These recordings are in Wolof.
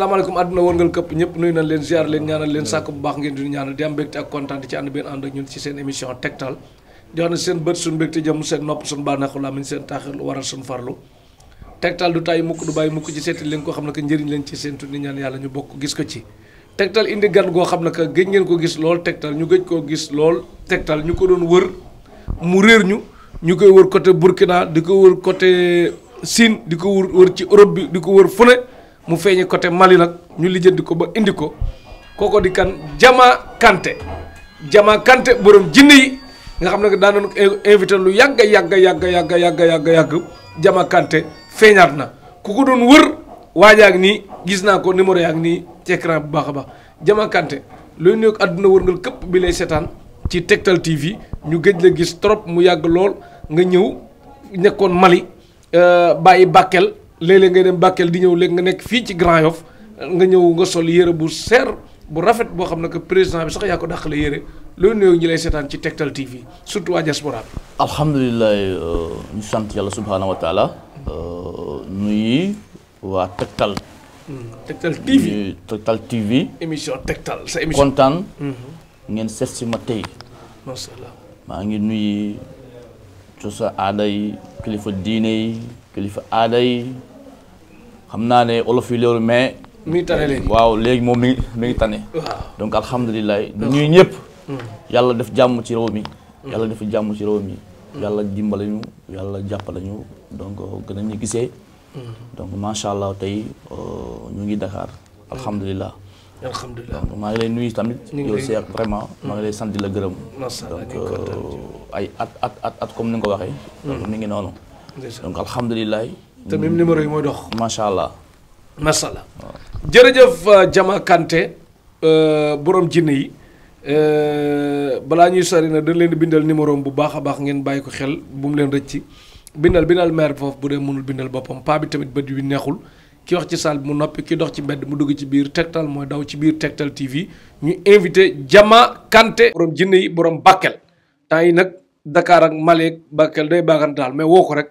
asalaamaaleykum àdduna wërngal këpp ñëpp nuyu nañ leen ziar leen ñaanal leen sàkk bu baax ngeen di ñaanal di am mbégte ak kontaan ci ànd benn ànd ak ñun ci seen émission tegtal di wax ne seen bët suñu mbégte jëm seen nopp suñu bànneexu la amin seen taaxirlu waral suñu farlu tegtal du tàyyi mukk du bàyyi mukk ci seeti leen ko xam ne que njëriñ leen ci seen tudd ñaan yàlla ñu bokk gis ko ci tegtal indi gan goo xam ne gëj ngeen ko gis lool tegtal ñu gëj ñu ko doon wër mu réer ñu ñu koy wër ko wër côté Sine di ko wër wër ci Europe bi di ko wër fune mu feeñe côté Mali nag ñu lijjandi ko ba indi ko kooko di kan Jama Kanté Jama Kanté borom jinne yi nga xam ne daan nañu invité lu yàgg yàgg yàgg yàgg yàgg yàgg yàgg Jama Kanté feeñaat na ku ko doon wër waajaak nii gis naa ko numéro yaak nii ci écran bu baax a baax Jama Kanté looy nuyoog àdduna wërngal këpp bi lay seetaan ci Tektal TV ñu gëj la gis trop mu yàgg lool nga ñëw nekkoon Mali euh, bàyyi Bakel. léeg-léeg di ñëw léegi nga nekk fii ci Grand Yoff nga ñëw nga sol yére bu seer bu rafet boo xam ne que président bi sax yaa ko dàqale yére loolu néew ñi lay seetaan ci Tektal TV surtout waa diaspora bi. alhamdulilah euh, ñu sant yàlla subhaanahu wa euh, nuyu waa Tektal. Hmm, Tektal TV nuyu Tektal émission Tektal sa émission kontaan. Hmm. ngeen seet si ma tey. maa ngi nuyu. cosaan aada yi kilifa diine yi kilifa aada yi xam naa ne olof yi loolu mais. muy tane waaw léegi moom mi ngi mi ngi tane. donc alhamdulilah ñuy ñëpp. Hmm. yàlla def jàmm ci réew mi. Hmm. yàlla def jàmm ci réew mi. Hmm. yàlla dimbale ñu yàlla jàppale ñu donc gën a ñu gisee. donc macha allah tey euh, ñu ngi Dakar alhamdulilah. alhamdulilah maa ngi leen nuyu tamit. yow Cheikh vraiment. maa ngi lay sant di la gërëm. donc euh, ay at at at comme ni nga ko waxee. donc mi ngi noonu. donc alhamdulilah. te même numéro yi mooy dox. macha allah. macha allah jërëjëf euh, Jama Kanté euh, borom jinne yi euh, balaa ñuy sori na dañ leen di bindal numéro bu baax a baax ngeen bàyyi ko xel bu mu leen rëcc bindal bindal maire foofu bu dee mënul bindal boppam paa bi tamit bët yu neexul. ki wax ci saal bi mu noppi ki dox ci mbedd mu dugg ci biir Tektal mooy daw ci biir Tektal TV ñu invité Jama Kanté borom jinne yi borom Bakel temps yi nag Dakar ak Mali Bakel day baaxante daal mais woo rek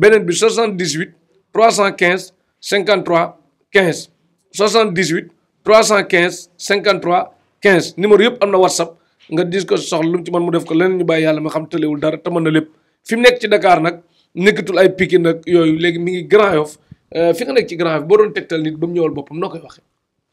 beneen bi 78 315 53 15 78 315 53 15 numéro yëpp am na whatsapp nga dis ko soxla lu mu ci mën mu def ko leneen ñu bàyyi yàlla ma xam tëlewul dara te mën na lépp fi mu nekk ci Dakar nag nekkatul ay Pikine nag yooyu léegi mi ngi Grand Yoff euh, fi nga nekk ci Grand Yoff boo doon tegtal nit ba mu ñëwal boppam noo koy waxee.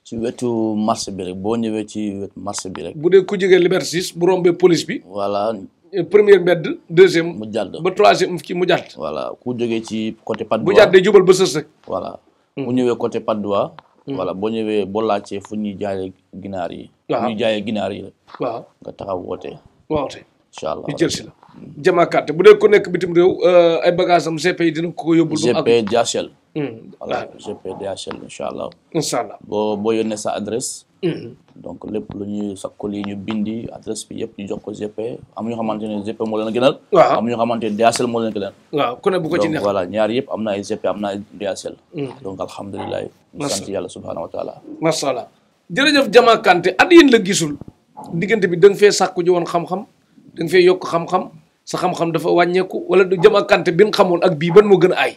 ci wetu marché bi rek boo ñëwee ci wetu marché bi bu dee ku jógee Liberté 6 bu rombee bi. voilà. Euh, première mbedd deuxième. mu jàdd ba troisième kii mu jàdd. voilà ku joge ci côté Patte d'Oie bu jàddee jubal ba sës rek. voilà bu hmm. ñëwee côté Patte d'Oie. Hmm. voilà boo ñëwee boo laajtee fu ñuy jaayee ginaar yi. waaw fu ñuy ginaar yi. waaw nga taxaw woote. woote incha allah ñu jël si la. Diama bu dee ko nekk bitim réew euh, ay bagages am GP yi dina ko yóbbul. GP Diachel. Hmm. voilà GPDHL incha allah. incha allah boo boo yónnee sa adresse. Hmm. donc lépp lu ñuy sakku lii ñu bindi adresse bi yëpp ñu jox ko GP am ñoo xamante ne GP moo leen gënal. waaw am ñoo xamante ne DHL moo leen gënal. waaw ku ne bu ko ci neex donc voilà ñaar yëpp am na ay GP am na ay DHL. Hmm. yàlla subhaanahu wa taala. macha allah jërëjëf Diama Kanté at yéen la gisul diggante bi da fee sàkku ji woon xam-xam da nga fee yokk xam-xam sa xam-xam dafa wàññeeku wala du Diama Kanté bi nga xamoon ak bii ban moo gën a aay.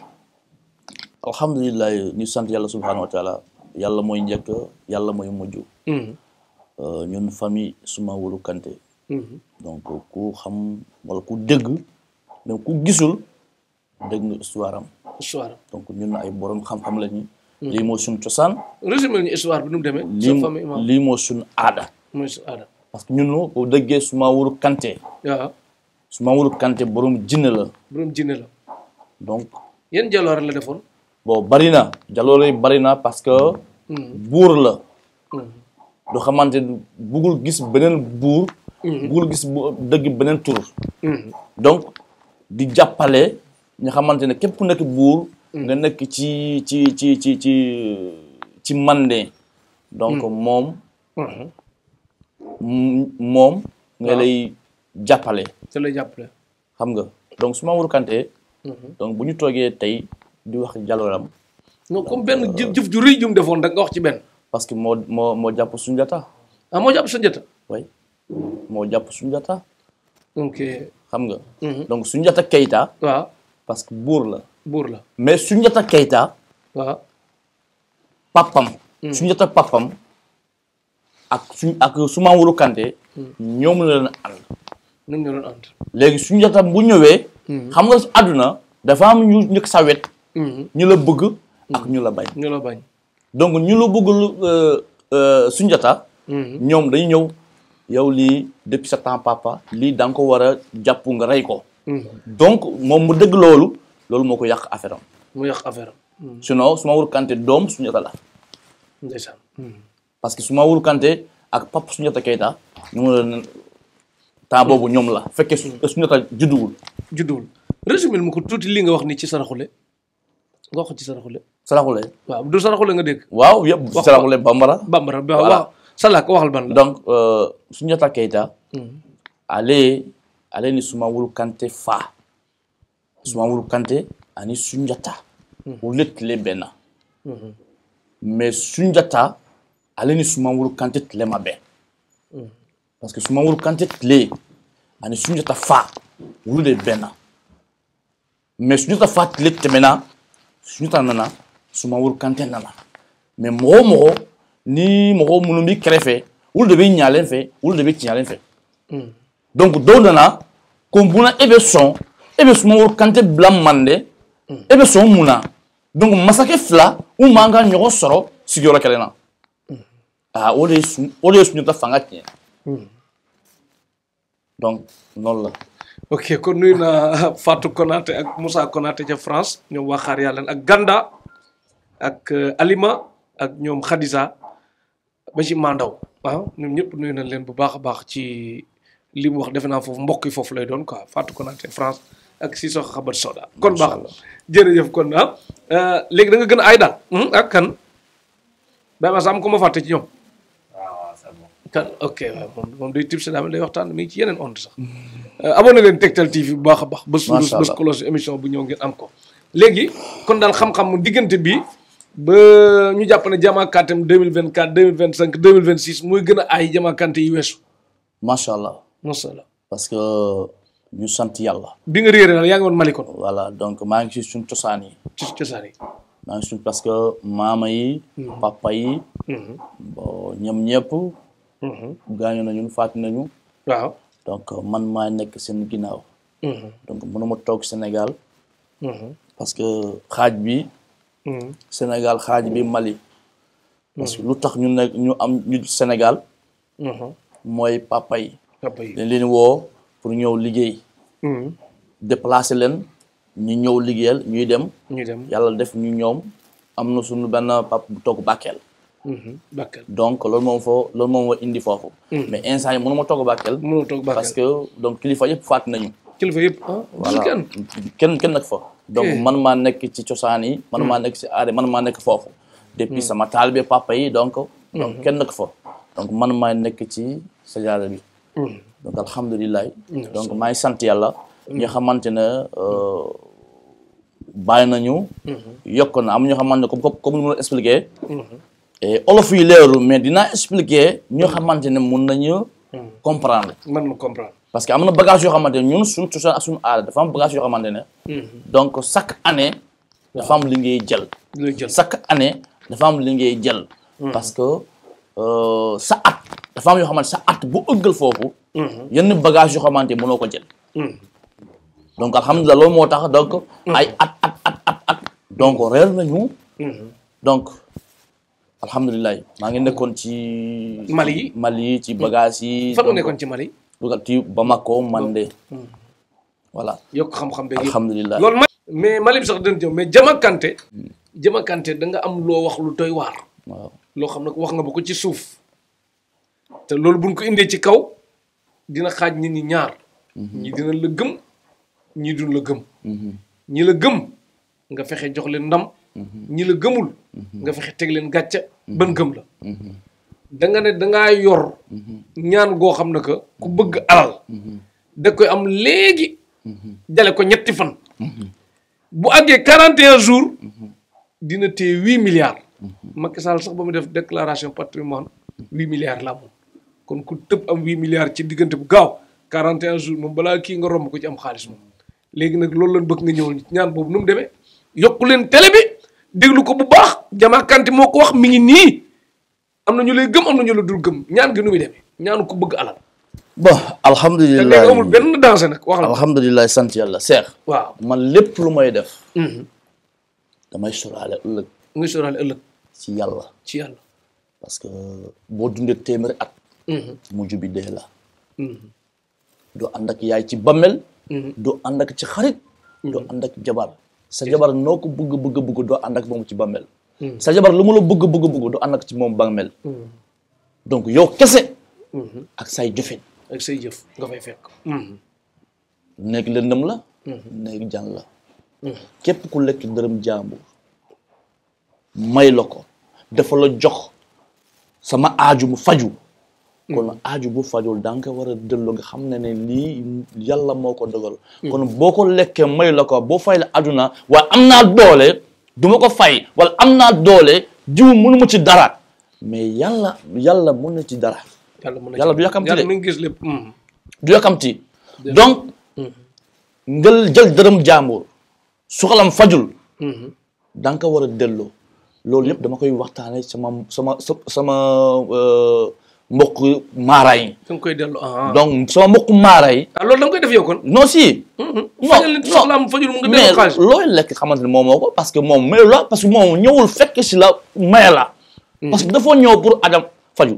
alhamdulilah ñu sant yàlla subhanahu wa yàlla mooy njëkk yàlla mooy mujj. Mm-hmm. Euh, ñun famille suma wulu kante. Mm-hmm. donc ku xam wala ku dégg même ku gisul dégg nga histoire am. histoire am donc ñun ay borom xam-xam la ñu. moo mm-hmm. suñ cosaan. résumé ñu histoire bi nu mu demee. sa moo suñu aada. mooy parce que ñun boo déggee suma wulu kante. waaw suma wulu kante borom jinne la. borom jinne la donc. yan la defoon. bon bari na jaloore yi bari na parce que. Hmm. buur la. du hmm. xamante buggul gis beneen buur. Hmm. buggul gis bu dëgg beneen tur. donc di jàppale ñu xamante ne képp ku nekk buur. nga nekk ci ci ci ci ci ci mande. donc moom. moom. Ah. nga lay jàppale. nga xam nga donc su ma wër donc bu ñu toogee tey. di wax jalooram. non comme benn euh, jëf jëf ju rëy jum defoon rek wax ci benn. parce que moo moo moo jàpp Sunjata. ah moo jàpp Sunjata. oui jàpp Sunjata. ok xam nga. Mhm. donc Sunjata Keita. parce que buur la. buur la mais Sunjata Keita. waaw papam. Mhm. Sunjata papam ak suñ ak Soumaoro Kanté. Mhm. ñoom la leen ànd. ñoom léegi Sunjata bu ñëwee. xam nga àdduna dafa am ñu sa wet. ñu la bëgg ak ñu la bañ ñu bañ donc ñu la bëggul euh, euh, Sunjata mhm. ñoom dañu ñëw yow lii depuis sa temps papa lii da ko war a jàpp nga rey ko mhm. donc moom mu dëgg loolu loolu moo ko yàq affaire am mu yàq affaire am mhm. sinon Soumaïla Kanté doom Sunjata la ndeysaan parce que Soumaïla Kanté ak papa Sunjata Keita ñu mu temps boobu ñoom la fekkee Sunjata judduwul judduwul résumé mu ko tuuti li nga wax nii ci saraxule nga wax ci saraxule. saraxule. waaw du saraxule nga dégg. waaw waxal ban la. Sunjata Keita. ale ale ni Sumaworo Kante fa. Sumaworo Kante ani Sunjata. olu hmm. tile bɛnna. Hmm. mais Sunjata ale ni Sumaworo Kante tile ma bɛn. Hmm. parce que Sumaworo Kante tile ani Sunjata fa olu de mais Sunjata fa tile tɛmɛna. Sunjata nana Sumaworo Kante nana mais mɔgɔ o mɔgɔ ni mɔgɔ minnu b'i kɛrɛfɛ olu de bɛ ɲalen fɛ olu de bɛ tiɲalen fɛ hmm. donc dɔw nana ko munna e bɛ sɔn e bɛ Sumaworo Kante bila Mande e hmm. bɛ sɔn mun na donc masakɛ fila u man ka ɲɔgɔn sɔrɔ sigiyɔrɔ kelen na hmm. aa ah, o de ye Sunjata fanga tiɲɛ donc nɔɔrɔ la. ok kon nuyu naa Fatou Konaté ak Moussa Konaté ca France ñoom waa Xaar Yàlla ak Ganda ak euh, Alima ak ñoom Khadija ba ci Mandaw waaw ñoom ñëpp nuyu nañ leen bu baax a baax ci li wax defe naa foofu mbokk yi foofu lay doon quoi Fatou Konaté France ak Sissoko Habbatu Sauda kon baax la jërëjëf kon ah euh, léegi da nga gën a ay daal hmm, ak kan ba ma sax am ko ma fàtte ci ñoom kan ok waaw moom moom day tibb si daal day waxtaan mi ngi euh, leen Tektal TV bu baax a ba suñu bés émission bu ñëw ngeen am ko. léegi kon daal xam-xam diggante bi ba ñu jàpp ne jàmmaakaatam 2024 2025 2026 muy gën a aay jàmmaakante yi weesu. macha allah. macha parce que ñu sant yàlla. bi nga réeré nag yaa ngi woon Mali kon. maa ngi ci suñu cosaan yi. ci cosaan yi. maa ngi suñu parce que maama yi. Hmm. papa yi. Hmm. Mm-hmm. gaañu nañu faatu nañu. donc euh, man maa nekk seen ginnaaw. Mm-hmm. donc mënuma toog Sénégal. Mm-hmm. parce que xaaj bi. Sénégal xaaj bi Mali. lu tax ñu nekk ñu am ñu Sénégal. mooy papa yi. dañ leen woo pour ñëw liggéey. déplacer leen ñu ñëw liggéeyal ñuy dem. ñuy dem yàlla def ñu ñoom am na suñu benn papa bu toog Bakel. Mhm. donc loolu moom foo loolu moom moo indi foofu. Mhm. mais instant yi mënuma toog Bakel. mënuma toog Bakel parce que donc kilifa yëpp faat nañu. Ah, kenn kenn nag fa. donc man maa nekk ci cosaan yi. man maa mhm. nekk ci aada maa nekk foofu. sama taalibe papa yi donc. kenn nag fa. donc man maa nekk ci sajaada bi. donc alhamdulilah. donc maa sant yàlla. nga xamante ne. Euh, bàyyi nañu. yokk na am ñoo xamante comme comme ni ma la olof yi leerul mais dinaa expliquer ñoo xamante ne mun nañu hmm. comprendre. mën na comprendre. parce que am na bagage yoo xamante ne ñun suñu cosaan ak suñu aada dafa am bagage yoo xamante ne. Hmm. donc chaque année. dafa am li jël. jël chaque année dafa am li ngay jël. Hmm. parce que euh, sa at dafa am yoo xamante sa at bu ëggal foofu. yenn bagage yoo xamante ne mënoo ko jël. donc alhamdulilah loolu moo tax donc. ay at at at at at donc réer nañu. donc. alhamdulilah maa ngi nekkoon ci. Mali hmm. yi yi ci bagages yi. nga nekkoon ci Mali. dugal ci Bamako Mandé. Hmm. voilà yokk xam-xam beeg lool loolu mais Mali bi sax dina jëm mais Jama Kanté. Hmm. Jama Kanté da am loo wax lu doy waar. loo xam ne wax nga ba ko ci suuf. te loolu buñ ko indee ci kaw dina xaaj ni ñi ñaar. ñi dina la gëm ñi duñ la gëm. ñi la gëm nga fexe jox leen ndam. ñi la gëmul mhm. nga fexe teg leen gàcca mhm. ban gëm la mhm. da nga ne dangaa yor ñaan goo xam ne que ku bëgg alal da koy am léegi jale ko ñetti fan bu àggee quarante et jours dina téye huit milliards Macky Sall sax ba mu def déclaration patrimoine huit milliards la amoon kon ku tëb am huit milliards ci diggante bu gaaw quarante et jours moom balaa kii nga romb ko ci am xaalis moom léegi nag loolu lañ bëgg nga ñëwal ñaan boobu nu demee yokku leen télé bi déglu ko bu baax Diama Kanté moo ko wax mi ngi nii am na ñu lay gëm am na ñu la dul gëm ñaan gi nu muy demee ko bëgg alal. bon alhamdulilah da amul benn danger nag wax alhamdulilah sant yàlla seex. waaw man lépp lu may def. Mhm. damay sóoraale ëllëg. muy sóoraale ëllëg. ci yàlla. ci parce que boo dundee téeméeri at. Mhm. mujj bi dee la. Mhm. doo ànd yaay ci bammel. doo ànd ci xarit. doo ànd jabar. sa jabar noo ko bëgg bëgg bëgg doo ànd ak moom ci bàmmeel hmm. sa jabar lu mu la bëgg bëgg bëgg doo ànd ak ci moom bàmmeel hmm. donc yow kese hmm. ak say jofet ak say jëf nga fay lëndëm la nekk jàng la képp ku lekk dërëm jàmbur may la ko dafa la jox sama aaju mu faju kon mm. aaju boo fajul da nga ko war a delloo nga xam ne ne lii yàlla moo ko dogal. Mm. kon boo ko lekkee may la ko boo fay la aduna waaye am naa doole du ma ko fay wala am naa doole jiw mënu ma ci dara mais yalla yàlla mën na ci dara. yàlla du yàkkamti yàlla mi ngi gis lépp mm. du yàkkamti donc nga jël dërëm jàmbur suxalam fajul. Mm-hmm. da nga ko war a delloo loolu yëpp dama koy waxtaanee sama sama sama. Euh, mboq maara yi. da nga koy dellu ah, ah. donc soo mbokk maara yi. ah da nga koy def yow kon. si. Hmm, hmm. fajal soxlaam fajul mu ngi dellu xaalis mais looy lekk xamante ne moom ko parce que moom mayu la parce que moom ñëwul fekk si la maye la. Hmm. parce que dafa ñëw pour adam faju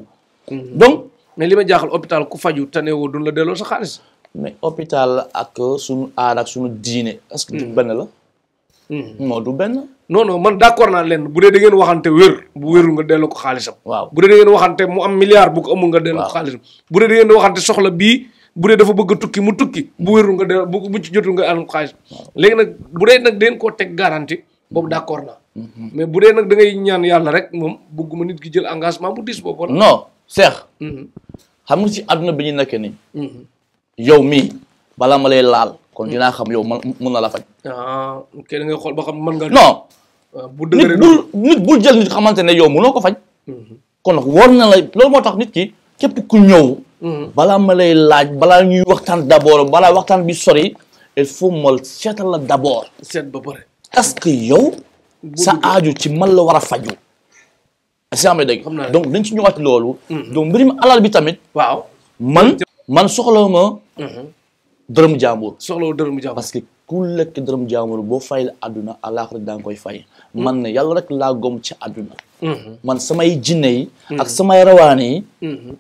donc mais li ma jaaxal hôpital ku faju tanewoo duñ la delloo sa xaalis. mais hôpital ak sunu aada ak sunu diine. est-ce que du benn la. Modou hmm. benn. non non man d'accord naa leen bu dee da ngeen waxante wér bu wérul nga delloo ko xaalisam. waaw bu dee da ngeen waxante mu bu ko amul nga delloo bu dee da soxla bii bu dee dafa bëgg tukki mu tukki bu wérul nga delloo bu bu ci jotul nga alal léegi nag bu dee nag deen koo teg garantie boobu hmm. d'accord naa. Hmm. mais bu dee nag da ngay ñaan yàlla rek moom bëgguma nit ki jël engagement bu diis boobu. non Cheikh. xam nga ci àdduna bi ñu nekk nii. yow mii balaa ma lay laal. kon dinaa xam yow man mun na la faj. ah kenn nga xool nga. non ah, bu dëgëree nit bul jël nit xamante ne yow mënoo ko faj. Mhm. kon nag war na la loolu moo tax nit ki képp ku ñëw. Mhm. balaa ma lay laaj balaa ñuy waxtaan d' abord balaa waxtaan bi sori il faut ma seetal la d' abord. seet ba pare. que yow. sa aaju ci man la war a faju si am dëgg donc dañ ci ñëwaat loolu. Mhm. donc mbirum alal bi tamit. waaw man man soxla ma. dërëm jaambur soxlawul dërëm jaambur parce que ku lekk dërëm jaambur boo fay la àdduna àllaaxira da nga koy fay man ne yàlla rek laa gom ci àdduna mm-hmm. man samay jinne yi ak mm-hmm. samay rawaane yi mm-hmm.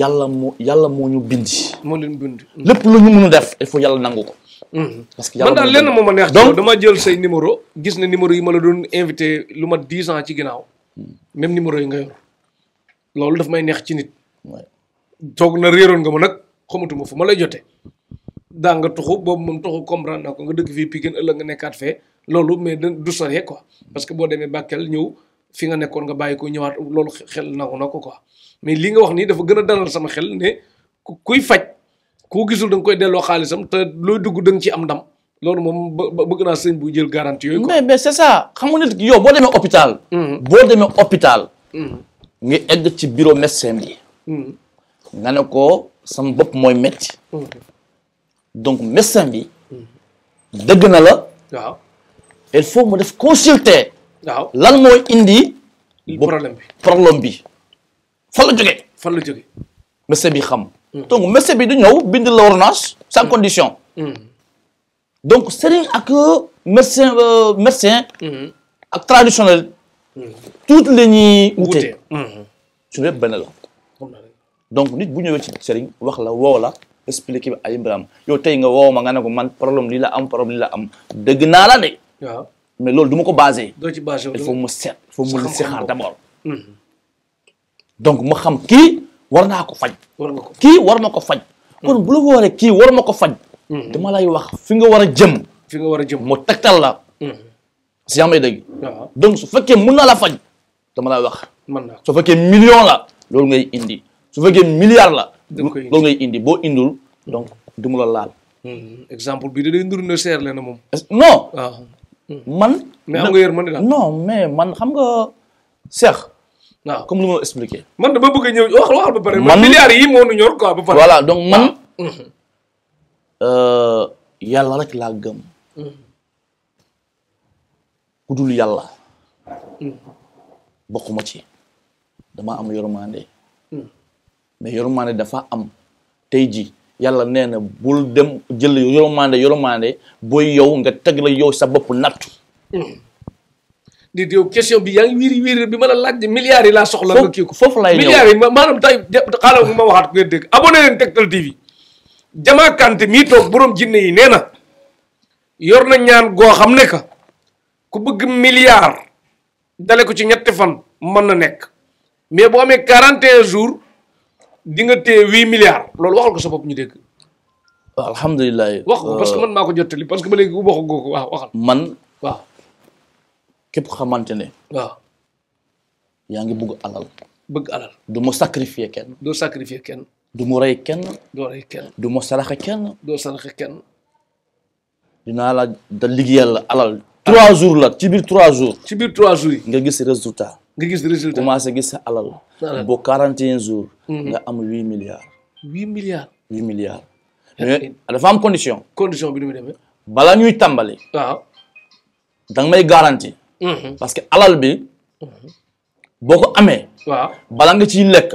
yàlla moo yàlla moo ñu bindi moo leen bindi lépp lu ñu mën a def il faut yàlla nangu ko parce que man daal lenn moom ma neex ci dama jël say numéro gis ne numéro yi ma la doon invité lu ma dix ans ci ginnaaw mm. même numéro yi nga yor loolu daf may neex ci nit toog na réeroon nga ma nag xamatuma fu ma lay jotee daa nga tuxu boobu moom tuxu comprendre na ko nga dëkk fii Pikine ëllëg nga nekkaat fee loolu mais du sore quoi parce que boo demee Bakel ñëw fi nga nekkoon nga bàyyi ko ñëwaat loolu xel nangu na ko mais li nga wax nii dafa gën a dalal sama xel ne kuy faj ku gisul da nga koy delloo xaalisam te looy dugg da nga ci am ndam loolu moom bëgg naa sëñ bu jël garantie yooyu mais mais c'est ça xam nga nit yow boo demee hôpital mm-hmm. boo demee hôpital mm-hmm. nga egg ci bureau médecin bi mm-hmm. nga ne ko sama bopp mooy metti donc médecin bi. dëgg na la. waaw il faut mu def consulter. waaw lan mooy indi. problème bi problème bi. fan la jógee. fan bi xam. Mm. donc médecin bi du ñëw bind la ordonnance sans mm. condition. Mm. donc sëriñ ak euh, médecin euh, médecin. Mm-hmm. ak traditionnel. toutes mm-hmm. la ñuy wute. la. donc nit bu ñëwee ci sëriñ wax la woo expliqué bi ay mbiram yow tey nga woo ma nga ne ko man problème lii la am problème lii la am dëgg naa la de. mais loolu duma ko basé. doo ci basé il faut mu seet. il faut mu si xaar d' abord. donc ma xam kii war naa ko faj. war kii war na ko faj. Hmm. kon bu la wooree kii war ma ko faj. Hmm. dama lay wax fi nga war a jëm. fi nga war a jëm moo tegtal la. Hmm. si yaa may dëgg waaw donc su fekkee mun na la faj dama lay wax. mën naa su fekkee million la loolu ngay indi su fekkee milliard la. loolu ngay indi boo indul donc du mu la laal. Hmm, exemple bi day ndur na seer leen moom. non. Ah. Hmm. man. mais am nga yërmande daal non mais man xam nga seex. Ah. comme lu ma expliqué. man dama bëgg a ñëw wax waxal ba pare. man milliards yi moo nu ñor quoi ba pare. voilà donc ah. man. Hmm. Euh, rek laa gëm. ku dul yàlla. bokkuma ci dama am yërmande. yor yërmande dafa am tey ji yàlla nee na bul dem jël yërmande yërmande booy yow nga teg la yow sa bopp nattu. di yow question bi yaa ngi wiiri bi ma la laaj yi laa soxla. nga ko foofu laay ñëw milliards yi maanaam tey xaaral ma waxaat ko ngeen mii toog borom jinne yi nee na yor na ñaan goo xam ne que ku bëgg milliard dale ko ci ñetti fan mën na nekk mais bu amee 41 jours. di nga téye huit milliards loolu waxal ko sa bopp ñu dégg. waaw wax ko parce que euh, man maa ko jottali parce que ba léegi waxu googu waaw waxal. man waaw. képp xamante ne. waaw. yaa ngi bugg alal. bëgg alal du ma sacrifier kenn. doo kenn. du mu rey kenn. doo rey kenn. du ma saraxe kenn. doo naa kenn. dinaa la da liggéeyal alal. trois jours la ci biir trois jours. ci biir trois jours yi. nga gis résultat. nga gis résultat commencé gis sa alal. boo 41 jours. Mhm. nga am 8 milliards. 8 milliards. 8 dafa am condition. condition bi nu muy demee. bala ñuy tàmbali. waaw. da nga may garantie. Mhm. parce que alal bi. Mhm. boo ko amee. waaw balaa nga ci lekk.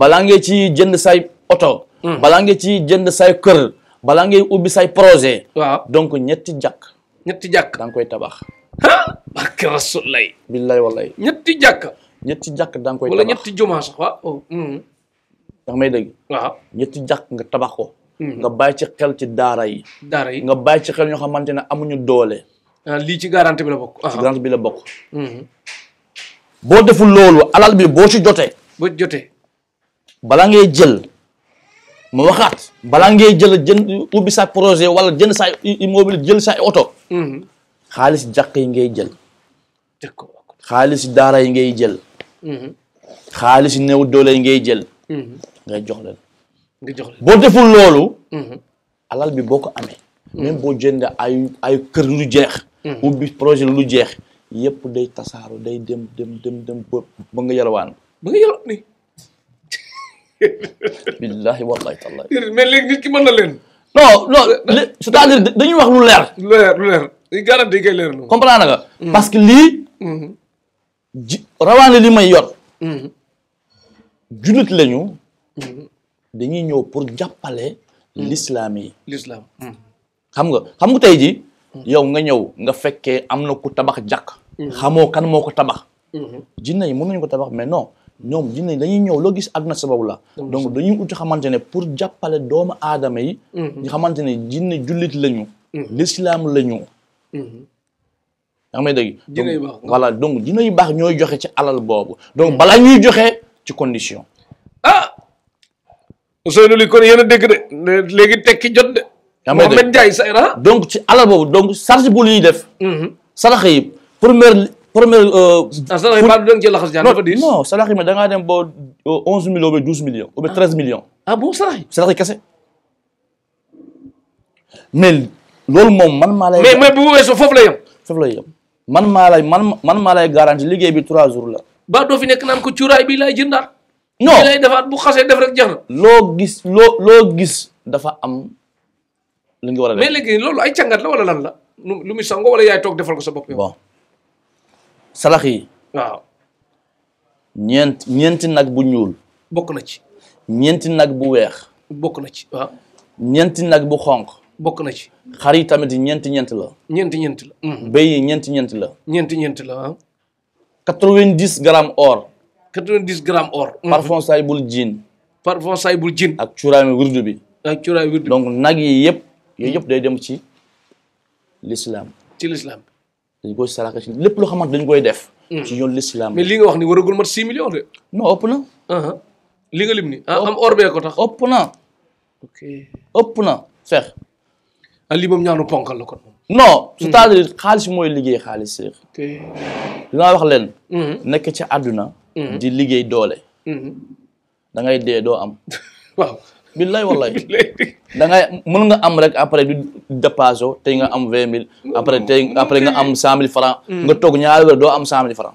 balaa nga ci jënd say oto. balaa nga ci jënd say kër. balaa ngay ubbi say projet. donc ñetti jàkk. ñetti jàkk da koy tabax. barke rasul lay. billaay wallaay. ñetti jàkka. ñetti jàkk da nga koy tabax wala ñetti jumaa sax waaw. Oh, mm-hmm. may dégg. ñetti jàkk nga tabax ko. Mm-hmm. nga bàyyi ci xel ci daara yi. daara yi nga bàyyi ci xel ñoo xamante ne amuñu doole. Ah, lii ci garantie bi la bokk. bi la bokk. Mm-hmm. boo deful loolu alal bi boo ci jotee. boo ci balaa ngay jël ma waxaat. balaa ngay jël jënd ubbi sa projet wala jënd sa immobile jël sa oto. xaalis jàkk yi ngay jël. xaalis daara yi ngay jël. Mm-hmm. xaalis néew doole yi ngay jël. Mm-hmm. jox leen. jox boo deful loolu. Mm-hmm. alal bi boo ko amee. même boo jëndee ay ay kër lu jeex. ubbi projet lu jeex yëpp day tasaaro day dem dem dem dem ba nga yalwaan. ba nga yalwaan ni. billahi wallahi tallahi. mais léegi ki mën na leen. non non c'est-à-dire dañuy wax lu leer. lu leer lu leer garanti parce que lii. ji rawaane li may yor. Mm-hmm. jullit lañu. Mm-hmm. dañuy ñëw pour jàppale. Mm-hmm. lislaam yi. l'islam. xam nga xam nga tey ji yow nga ñëw nga fekkee am na ku tabax jàkk. xamoo kan moo ko tabax. jinne yi mën nañu ko tabax mais non ñoom jinne yi dañuy ñëw loo gis àdduna sababu la. donc dañuy uti xamante ne pour jàppale doomu aadama yi. ñu xamante ne jinne jullit lañu. l'islam lañu. yaa ngi may dégg. baax voilà donc dina yu baax ñooy joxe ci alal boobu. donc balaa ñuy joxe ci condition. ah. Ousseynou li kon yéen a de léegi tekki jot de. yaa ngi may dégg Ndiaye say na ci alal boobu donc charge bu ñuy def. Mm-hmm. sarax yi première première. Euh, ah sarax yi baal ci laxas jaan dafa diis. non sarax yi mais da ngaa dem ba euh, onze million ou bien douze millions ou ah. ah bon sarax yi. sarax yi kese mais loolu moom man maa lay. mais mais bu weesoo foofu lay yem. foofu lay yem. man maa man man maa lay garanti liggéey bi trois jours la. ba doo fi nekk naan ko cuuraay bi lay jëndaat. non lay defaat bu xasee def rek jeex loo gis loo loo gis dafa am lu ngi war a loolu ay càngat la wala lan la lu muy sango wala yaay toog defal ko sa bopp. bon salax yi. waaw. ñeenti nag bu ñuul. bokk na ci. ñeenti nag bu weex. bokk na ci waaw. ñeenti nag bu xonq. bokk na ci. xar yi tamit ñeenti ñeenti la. ñeenti ñeenti la. Mhm. béy yi ñeenti la. ñeenti ñeenti la. quatre-vingt-dix grammes or. quatre-vingt-dix grammes or. Mhm. parfum saybul jin. parfum saybul jin. ak cuuraay wirdu bi. ak cuuraay wirdu bi donc nag yi yëpp. yooyu yëpp day dem ci l'islam. ci l'islam. dañ koy saraka ci lépp loo xamante dañ koy def. Mhm. ci yoon l'islam. mais li nga wax ni waragul mat six millions de. non ëpp na. li nga lim ni ah, am or bee ko tax. ëpp na. ëpp na fex. Ali ah, moom ñaanu ponkal la kon. non hmm. c'est-à-dire xaalis mooy liggéey xaalis Seex. dinaa wax leen. Hmm. nekk ci àdduna. Hmm. di liggéey doole. da ngay dee doo am. waaw billaay wallaay. da ngay mën nga am rek après du dépassé te nga am vingt mille après tey après nga am cent mille franc. nga toog ñaari weer doo am cent mille franc.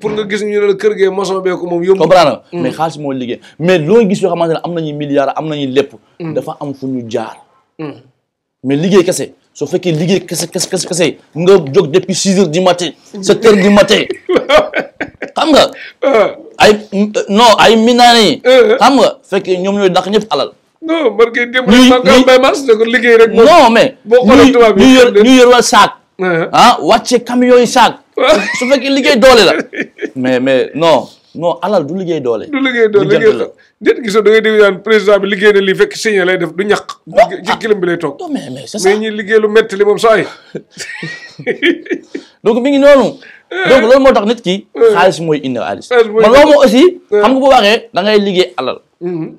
pour nga gis ñu ne la kër gee mosoon bee ko moom yomb. comprendre mais xaalis mooy liggéey mais loo gis yoo xamante ne am nañu milliards am nañu lépp. dafa am fu ñu jaar. mais liggéey kese soo fekkee liggéey kese kese kese kese nga jóg depuis six heures du matin sept heures du matin xam nga. Euh. ay non ay minaan yi. Euh. xam nga fekkee ñoom ñooy dàq ñëpp alal. non man kay démb rek maa liggéey rek. non mais boo xoolee tubaab yi ñu yor ñu yor wàllu saak. Euh. ah wàcce camion yi saak. su fekkee liggéey doole la mais no non alal du liggéey doole. du liggéey doole liggéey la déet gisoo da ngay dégg daan président bi lay def du ñàkk. ci ah. bi lay toog. non c'est ça liggéey lu métti li moom saa donc mi ngi noonu. Eh. donc loolu moo tax nit ki. Eh. xaalis mooy indi xaalis. ma loolu moo aussi. Eh. xam nga bu waxee da ngay liggéey alal. Mm-hmm.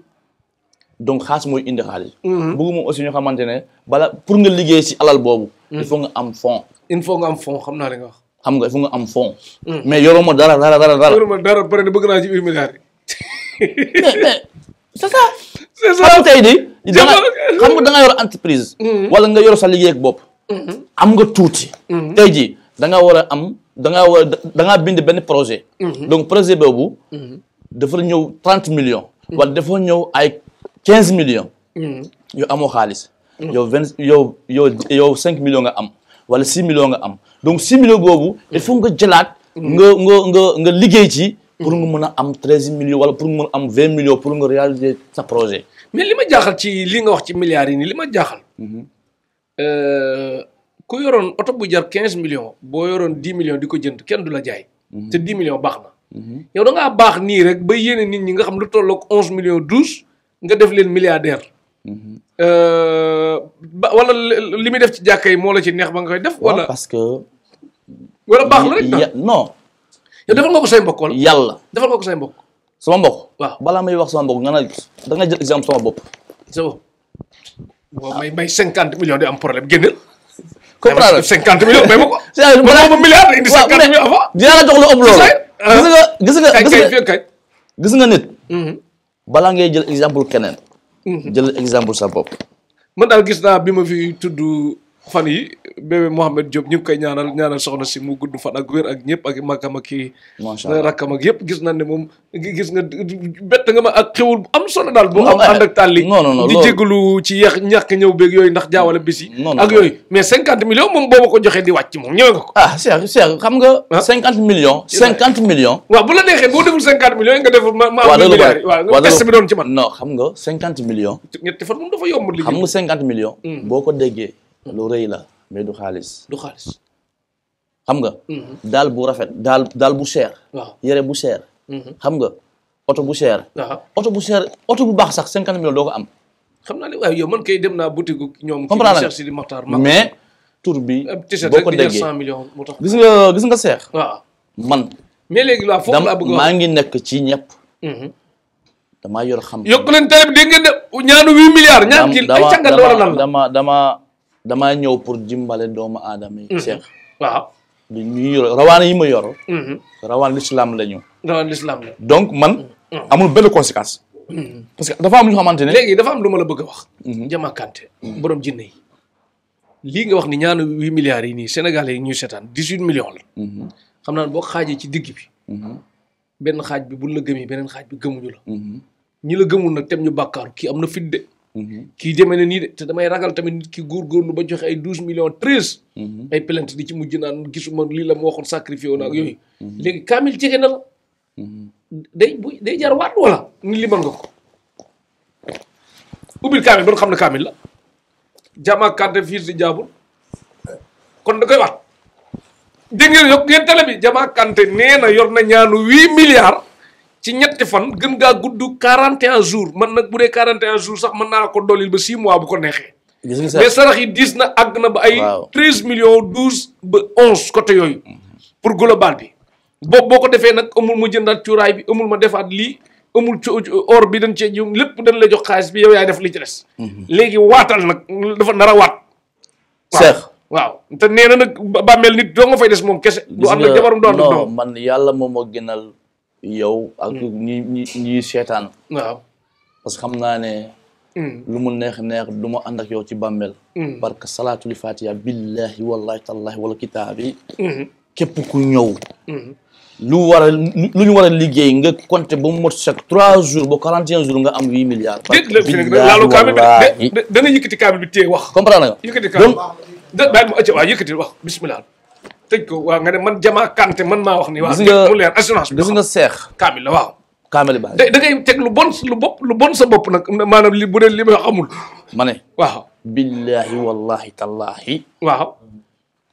donc xaalis mooy indi xaalis. Mm-hmm. bëgguma aussi ñu xamante ne bala pour nga liggéey si alal boobu. Mm. il faut nga am fond. il faut nga am fond xam naa li nga wax. xam nga fu nga am fond. Mm. mais yoroo ma dara dara dara dara. yoroo ma dara pare ne bëgg naa ci huit milliards yi. mais mais c'est ça. c'est ça tey di entreprise. Mm-hmm. wala nga yor sa liggéey ak mm-hmm. am nga tuuti. Mm-hmm. tey ji da nga war a am da nga war a bind benn projet. donc projet boobu. dafa ñëw trente million wala dafa ñëw ay quinze million yow amoo xaalis. yow vingt yow yow cinq million nga am wala six millions nga am. donc simila googu il faut nga jëlaat nga nga nga nga liggéey ci pour nga mën a am treize millions wala pour nga mën am vingt millions pour nga réaliser sa projet mais li ma jaaxal ci li nga wax ci milliards yi nii li ma jaaxal mhm. euh, ku yoroon oto bu jar quinze millions boo yoroon dix millions di ko jënd kenn du la jaay mhm. te dix millions baax na mhm. yow da baax nii rek ba yéene nit ñi nga xam lu tolloog onze millions douze nga def leen milliardaire euh, ba wala li muy def ci jàkka yi moo la ci neex ba nga koy def wala parce que wala baax la rek na non. yow defal nga ko yàlla defal nga ko say mbokk. sama mbokk. waaw balaa may wax sama mbokk nga naan da nga jël exemple sama bopp. sa bopp waaw may may cinquante millions di am problème génneel. comprendre cinquante millions may ma ko. c' cinquante millions avant. dinaa la jox lu ëpp loolu. gis nga ah. gis nga gis mm-hmm. ngay jël exemple keneen. Mm-hmm. jël exemple sa bopp. man daal gis naa bi ma fi tudd. fan yi bébé Mouhamed Diop ñu ngi koy ñaanal ñaanal soxna si mu gudd fan ak wér ak ñëpp ak màggam ak kii rakkam yëpp gis nañ ne moom gis nga bett nga ma ak xewul am solo daal boo am eh, ànd ak tàlli di jégalu ci yeex ñàkk ñëw béeg yooyu ndax jaawale bis yi ak yooyu mais cinquante millions moom booba ko joxee di wàcc moom ñëwee nga ko ah Cheikh Cheikh xam nga ah. cinquante millions cinquante millions waaw bu la neexee boo deful cinquante nga def ma am milliards yi waaw test bi doon ci man non xam nga cinquante millions ñetti fan moom dafa yomb li xam nga cinquante millions hmm. boo ko déggee lu rëy la mais du xaalis. du xaalis. xam nga. Mm-hmm. daal bu rafet daal daal bu cher. waaw yére bu cher. Mm-hmm. xam nga oto bu cher. waaw oto bu cher oto bu baax sax cinquante millions doo am. xam naa ne waaye yow man kay dem naa boutique ñoom. comprendre nañ di Maxtaar mais tur bi. Euh, boo ko déggee cent millions mu gis nga gis nga seex. waaw man. mais léegi laa foofu laa bëgg maa ngi nekk ci ñëpp. Mm-hmm. damaa yor xam. yokk damaa ñëw pour dimbale doomu aadama yi. Mm-hmm. Cheikh waaw. li rawaan yi ma yor. Mm-hmm. rawaan l'islam la ñu. rawaan l'islam donc man. Mm-hmm. amul benn conséquence. parce que dafa am lu xamante ne. léegi dafa am lu ma la bëgg a wax. Diama Kanté borom jinne yi. lii nga wax ni ñaanu huit milliards yi nii Sénégal yi ñuy seetaan dix huit millions la. xam naa boo xaajee ci digg bi. benn xaaj bi buñ la gëmee benn xaaj bi gëmuñu la. ñi la tem ñu bàkkaaru kii am na fit de. Mhm. kii demee na nii de te damay ragal tamit nit ki góorgóorlu ba joxe ay douze millions treize mhm. ay plainte di ci mujj naan gisuma lii la ma waxoon sacrifié woon ak mhm. yooyu léegi kaamil jege na day jar waat wala ni limal nga ko ubbil kaamil ba xam ne kaamil la jaamaa carte fiis di jaabul kon da koy waat dégg ngeen yokk ngeen na yor na ñaanu huit milliards ci ñetti fan gën gaa gudd 41 jours man nag bu dee 41 jours sax mën naa ko dollil ba 6 mois bu ko neexee. mais sarax yi diis na àgg na ba ay. waaw million millions ba 11 côté yooyu. pour global bi. boobu boo ko defee nag amul ma jëndaat cuuraay bi amul ma defaat lii amul or bi dañ cee jiw lépp dañ la jox xaalis bi yow yaay def li ci des. Mhm. léegi waatal nag dafa nar a waat. seex waaw te nee na nag bàmmeel nit doo nga fay des moom kese. du ànd ak jabaram doo ànd ak doom man yàlla moom moo gënal. yow ak hmm. ñi ñi ñi seetaan. waaw parce que naa ne. Hmm. lu mu neex neex du ma ànd ak yow ci bàmmeel. Hmm. parce que salaatul fatiha billahi wallahi tallahi wala kitaabi. képp ku ñëw. lu war a lu ñu a liggéey nga compter ba mu mot chaque trois jours ba quarante et un jours nga am huit milliards. déet la fii nag laalu kaamil bi da nga yëkkati kaamil bi téye wax. comprendre nga kaamil bi da bàyyi ma ëcc waaw yëkkati wax tëj ko waaw nga ne man Jama Kanté man maa wax ni waaw mu leer assurance bi gis nga seex kaamil la waaw kaamil ba da ngay teg lu bon lu bopp lu bon sa bopp nag maanaam li bu dee li may wax amul ma ne waaw billaahi wallahi tallaahi waaw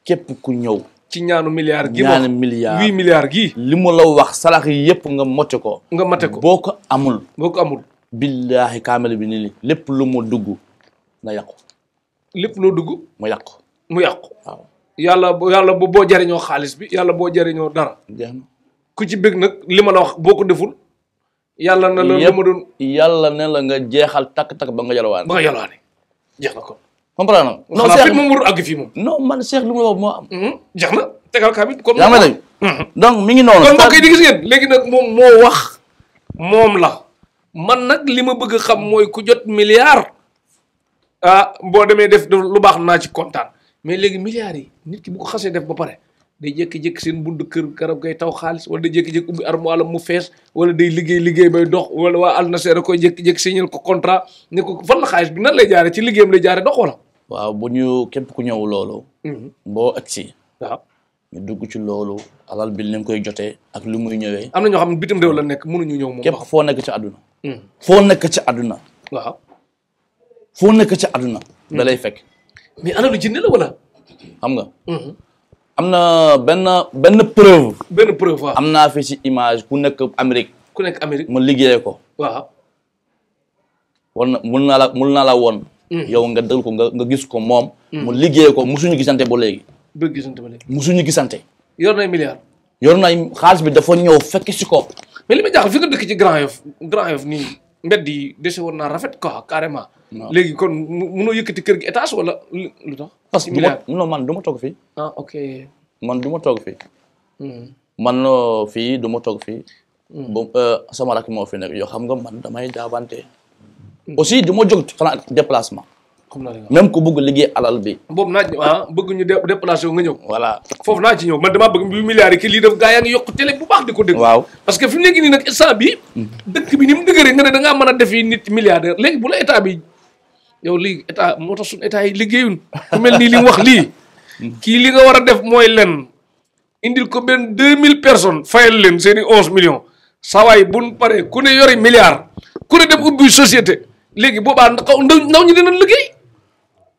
képp ku ñëw ci ñaanu milliard gi ñaanu milliard gii li mu la wax salax yi yëpp nga motte ko nga motte ko boo ko amul boo ko amul billaahi kaamil bi ni lépp lu mu dugg na yàqu lépp loo dugg mu yàqu mu yàqu yàlla yàlla bu boo jariñoo xaalis bi yàlla boo jariñoo dara. ku ci bëgg nag li ma la wax boo ko deful. yàlla na la lu ma doon yàlla ne la nga jeexal takk-takk ba nga yalwaane. ba nga yalwaane jeex na kon. comprendre non seex bi moom warul àgg fii man seex lu mu moo am. Mhm. jeex na tegal kaamil comme. yaa ngi donc mi ngi noonu. kon mbokk yi di gis ngeen léegi nag moom moo wax moom la man nag li ma bëgg a xam mooy ku jot milliard. ah boo demee def lu baax naa ci kontaan. mais léegi milliards yi nit ki bu xasee def ba pare day jékki-jékki seen buntu kër garab ngay taw xaalis wala day jékki-jékki ubbi mu fees wala day liggéey liggéey bay dox wala waa Al Nassr a koy jékki-jékki signal ko contrat ne ko fan la xaalis bi nan lay jaare ci liggéeyam lay jaare dox wala waaw bu ñu képp ku ñëw loolu mm-hmm. boo agsi waaw ñu dugg ci loolu alal bi ni koy jotee ak lu muy ñëwee am na ñoo xam ne bitim réew la nekk mënuñu ñëw moom képp foo nekk ci àdduna mm-hmm. foo nekk ci àdduna waaw foo nekk ci àdduna mm-hmm. da lay fekk mais alalu jinne la wala. nga. Mhm. am na benn benn preuve. benn preuve am naa fi ci image ku nekk Amérique. ku nekk Amérique ma liggéeyee ko. waaw. war na mun naa la mun naa la woon. Mhm. yow nga dal ko nga nga gis ko moom. Mhm. mu liggéeyee ko musuñu gisante ba léegi. ba gisante ba léegi. musuñu yor na ay yor na ay xaalis bi dafa ñëw fekk si ko. mais li ma jaaxal fi nga dëkk ci Grand Yoff Grand Yoff nii. mbedd yi dese woon naa rafet quoi carrément. léegi kon munoo yëkkati kër gi étage wala lu tax. parce que du ma man du toog fii. Ah, ok man du ma toog fii. Hmm. man fii du toog fii. Hmm. bon euh, sama moo fi nekk yoo xam nga man damay jaabante. Hmm. aussi du ma jóg xanaa déplacement. même ku bëgg liggéey alal bi. boobu naa ah bëgg ñu déplacé wu nga ñëw. voilà foofu naa ci ñëw man damaa bëgg bi milliards yi kii lii def gaa yaa yokk télé bu baax di ko dégg. parce que fi mu nii nag instant bi hmm. dëkk bi ni mu dëgëree nga a def yi nit yow lii état moo tax suñu état yi liggéeyun mel nii li wax lii. Hmm. kii li nga war a def mooy leen indil ko benn deux mille personnes fayal leen seen i onze millions sawaay buñ paree ku ne yori milliard ku ne dem ubbi société léegi boobaa ndaw ndaw ñi dinañ liggéey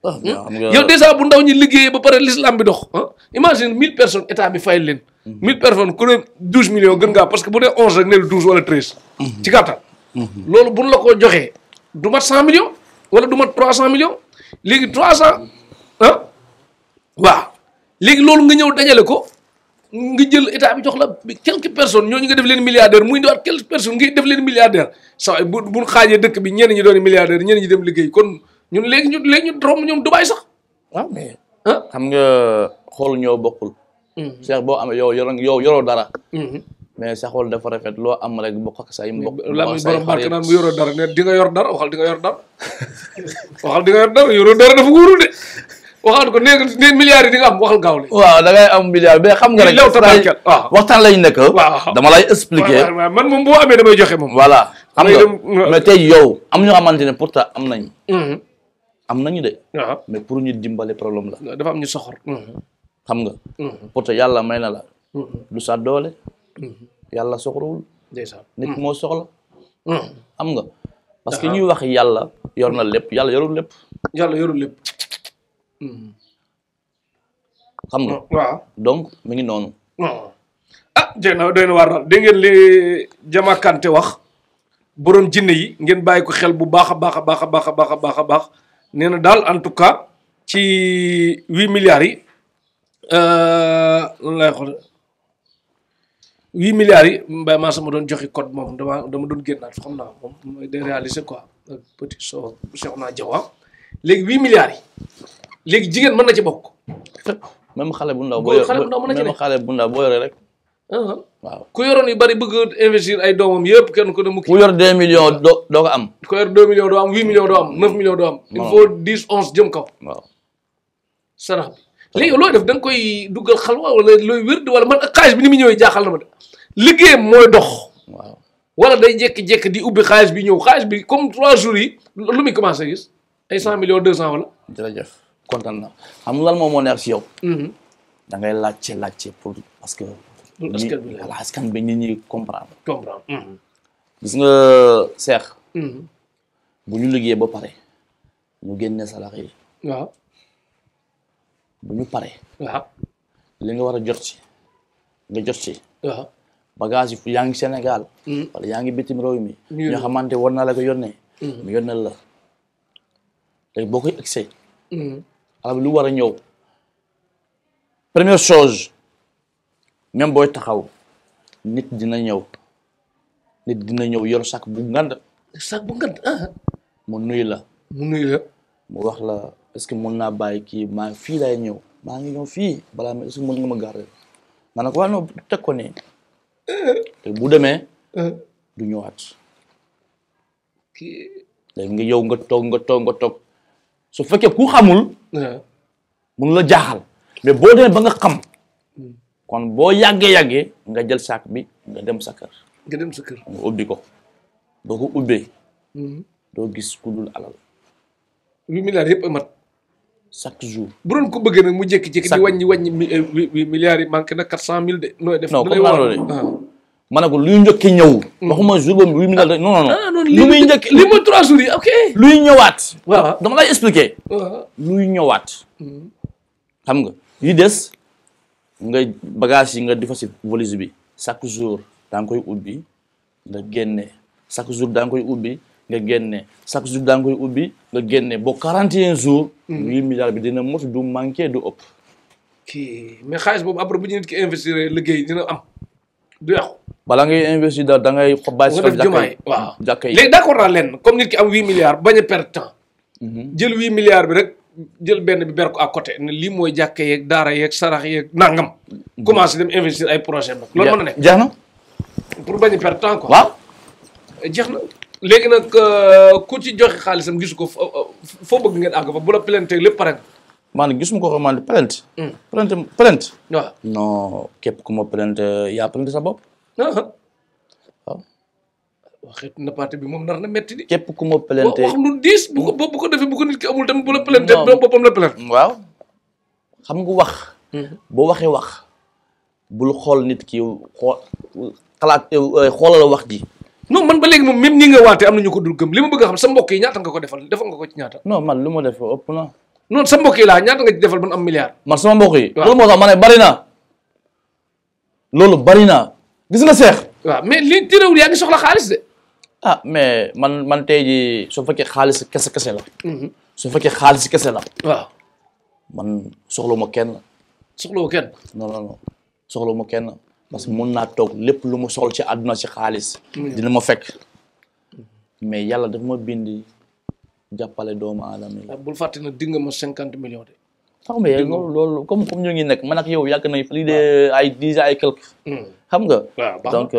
Ah, hmm? yow dèjà bu ndaw ñi liggéeyee ba pare l'islam bi dox ah imagine mille personnes état bi fayal leen hmm. mille personnes ku ne douze millions gën ngaa parce que bu dee onze rek neel douze wala treize hmm. ci gàttal loolu buñ la ko joxe du mat cent millions wala du mat trois cent millions léegi trois cent ah waaw léegi loolu nga ñëw dajale ko nga jël état bi jox la quelques personnes ñooñu nga def leen milliardaire muy indiwaat quelques personnes ngay def leen milliardaire liggéey kon ñun léegi ñu léegi ñu romb ñoom Dubaay sax waaw mais xam nga xool ñoo bokkul hmm. Cheikh boo amee yow yoro yow yoroo dara hmm. mais sa xool dafa rafet loo am rek bokk ak say mbokk la muy borom barke naan mu yoroo dara ne di nga yor dara waxal di nga yor dara waxal di nga yor dara yoroo dara dafa wóorul de waxal ko nee ne milliards yi di nga am waxal gaaw la waaw da ngay am milliard mais xam nga rek law tabarkel waaw waxtaan lañ nekk waaw dama lay expliquer man moom boo amee damay joxe moom voilà xam nga mais tey yow am ñoo xamante ne pourtant am nañ hmm. am nañu de. waaw ah. mais pour ñu dimbale problème la. dafa am ñu soxor. Mhm. Mhm. Mhm. xam nga. parce que yàlla ah. may na la. lu sa doole. yàlla soxorul. ndeysaan nit moo soxla. xam nga parce que ñu wax yàlla yor na lépp yàlla yorul lépp. yàlla yorul lépp. xam nga. Ah, waaw donc mi ngi noonu. ah jërëjëf na doy na waar daal dégg ngeen li Diama Kanté wax borom jinne yi ngeen bàyyi ko xel bu baax a baax a baax a baax a baax a baax. nee na daal en tout cas ci huit milliards yi euh, lan lay xool huit milliards yi mbay maa sama doon joxe code moom dama dama doon génnaat xam naa moom day réaliser quoi petit soo seex naa jawa léegi huit milliards yi léegi jigéen mën na ci bokk. même xale bu ndaw boo yore même xale bu ndaw boo yore rek. Uh-huh. waaw ku yoroon yu bari bëgg investir ay doomam yëpp kenn ku ne mu. ku yor 2 millions doo doo ko am. ku yor 2 millions doo am 8 millions doo millions doo am. il faut 10 11 jëm kaw. waaw sarax bi léegi def da koy duggal xalwa wala wala man xaalis bi ni mu ñëwee jaaxal na ma de mooy dox. waaw wala day jékki-jékki di ubbi xaalis bi ñëw xaalis bi comme 3 jours lu muy commencé gis ay 100 millions 200 wala. jërëjëf kontaan na xam nga lan moom moo neex si yow. Mhm. da ngay laajte laajte pour parce que. askan bi la askan bi nit ñi comprendre. comprendre. Mhm. seex. Mhm. bu ñu liggéey ba pare ñu génne salarié. waaw. bu ñu pare. waaw. li nga war a jot ci nga jot ci. yi fu yaa ngi Sénégal. Mhm. wala yaa ngi bitim réew mi. ñoo xamante war naa la ko yónnee. la léegi boo koy excès. alal lu war a ñëw première chose. même booy taxaw nit dina ñëw nit dina ñëw yor sac bu ngand sac bu ngand ah. mu nuyu la mu nuyu la mu wax la est-ce que mën naa bàyyi kii maa fii laay ñëw ngi ñëw fii balaa ma est-ce que mën nga ma garder ma ne ko waa non teg eh. bu demee eh. du ñëwaat léegi nga yow nga toog nga toog nga toog su fekkee ku xamul eh. mun la jaaxal mais boo demee ba nga xam hmm. kon boo yàggee-yàggee nga jël saak bi nga dem sa kër nga dem sa kër ubbi ko boo ko ubbee mm-hmm. doo gis ku dul alal lu milliards yëpp a mat chaque jour bu doon ko bëggee nag mu jékki-jékki di wàññi wàññi eh, milliards yi manqué na quatre cent mille nooy def non ah. ma ne ko luy njëkki ñëw mm. waxuma jour ba huit milliards non non ah, lu luy ñëwaat waaw dama lay expliquer luy ñëwaat mm. xam nga yi des nga bagage yi nga di fa bi chaque jour daa nga koy ubbi nga génne chaque jour daa nga koy ubbi nga génne chaque jour daa nga koy ubbi nga génne ba 41 jours. 8 hmm. milliards bi dina mot du manqué du ëpp. kii mais xaalis boobu après bu ñu nit ki investir liggéey dina am du yàqu. balaa ngay investir da ngay bàyyi si xel jàkka yi waaw jàkka yi léegi leen comme nit ki am 8 milliards bañ per perdre temps. Mhm. jël 8 milliards bi rek. jël benn bi ber ko à côté ne lii mooy jàkka yeeg daara yeeg sarax yeeg nangam. commencé dem investir ay projet ba. loolu mën na nekk jeex na. pour bañ a perdre temps jeex na. léegi nag euh, ku ci joxe xaalisam gisu ko euh, euh, foo bëgg ngeen àgg fa bu la plainte lépp pare. maanaam gisuma ko man plainte. Hmm. plainte plainte. waaw non képp ku ma plainte sa bopp. Ah, ah. xeet na parti bi moom nar na métti ku ma plainte ko bu ko mm. ko nit ki amul tamit bu la plainte boppam la plainte. waaw xam nga wax. Mm-hmm. boo waxe wax bul xool nit ki xool xalaat eh, eh, wax ji. non man ba léegi moom même ñi nga waatee am na ñu ko dul gëm li ma bëgg a xam sa mbokk yi ñaata nga ko defal defal ko ci ñaata. non man lu ma def ëpp na. sa mbokk yi laa ñaata nga ci defal ban am milliard. man sama mbokk yi. waaw loolu moo tax ma ne bari naa. loolu bari naa. gis na seex. waaw mais li terewul yaa ngi soxla xaalis de. ah mais man man tey jii su fekkee xaalis kese kese la. Mhm. su fekkee xaalis kese la. waaw man soxla ma kenn. soxla ma ma kenn parce que mun naa toog lépp lu mu soxla ci àdduna si xaalis. dina ma fekk. mais yàlla daf ma bindi jàppale doomu aadama yi. Ah, bul fàtte ne dinga ma cinquante millions de. xam nga loolu loolu comme comme ñoo ngi nekk man ak yow yàgg nañ fa lii de ay diis ay quelques. xam nga. donc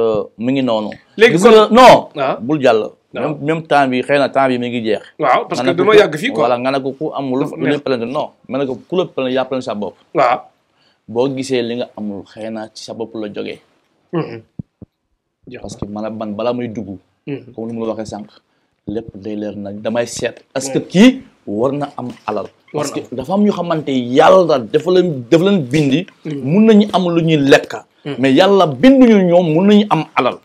mi ngi noonu. léegi kon non. bul jàll. même même temps bi xëy na temps bi mi ngi jeex. waaw parce que dama yàgg fii quoi. voilà nga ne ko ku amul. lu ne plainte non ma ne ko ku la plainte yaa sa bopp. waaw. boo gisee li nga amul xëy na ci sa bopp la jógee. parce que man bala balaa muy dugg. comme lu mu la waxee sànq. lépp day leer na damay seet. parce que kii war na am alal. parce que dafa am ñu xamante yàlla dafa leen dafa leen bindi. Mm. mun nañu am lu ñuy lekk. Mm. mais yàlla binduñu ñoom mun nañu am alal.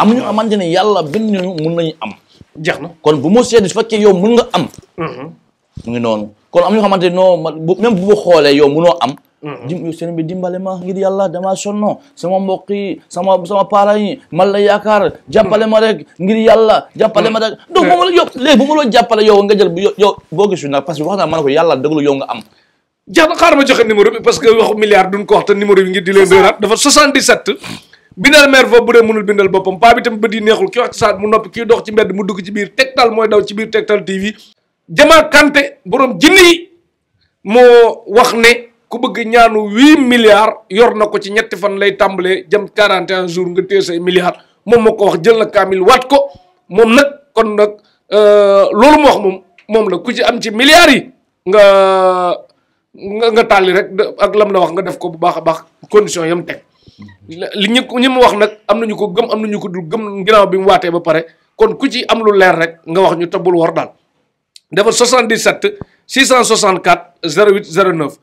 am ñu xamante ne yàlla binduñu mun nañu am. jeex na kon bu ma seetlu su fekkee yow mun nga am. Mm-hmm. mu ngi noonu kon am ñu xamante ne non man bu même bu xoolee yow munoo am. sëñ bi dimbale ma ngir yàlla dama sonno sama mbokk yi sama sama parents yi man la yaakaar ma rek ngir yàlla jàppale ma rek donc moom la yow léegi yow nga jël yow boo wax naa ma ko yàlla déglu yow nga am jàpp xaaral ma joxe numéro bi parce milliard duñ ko wax te numéro bi ngir di leen doonaat dafa 77 bindal maire foofu bu dee bindal boppam paa bi mu noppi mu dugg ci biir Tektal mooy daw ci biir Tektal TV Jama Kanté borom jinni moo wax ne ku bëgg ñaanu huit milliards yor na ko ci ñetti fan lay tàmbalee jëm 41 jours nga téye say milliards moom moo ko wax jël na kaamil waat ko moom nag kon nag euh, loolu mu wax moom moom la ku ci am ci milliards yi nga nga tàlli rek ak lam la wax nga def ko bu baax a baax condition yam teg li ñu ñi mu wax nag am nañu ko gëm am nañu ko dul gëm ginnaaw bi mu waatee ba pare kon ku ci am lu leer rek nga wax ñu tabul war daal dafa 77 664 08 09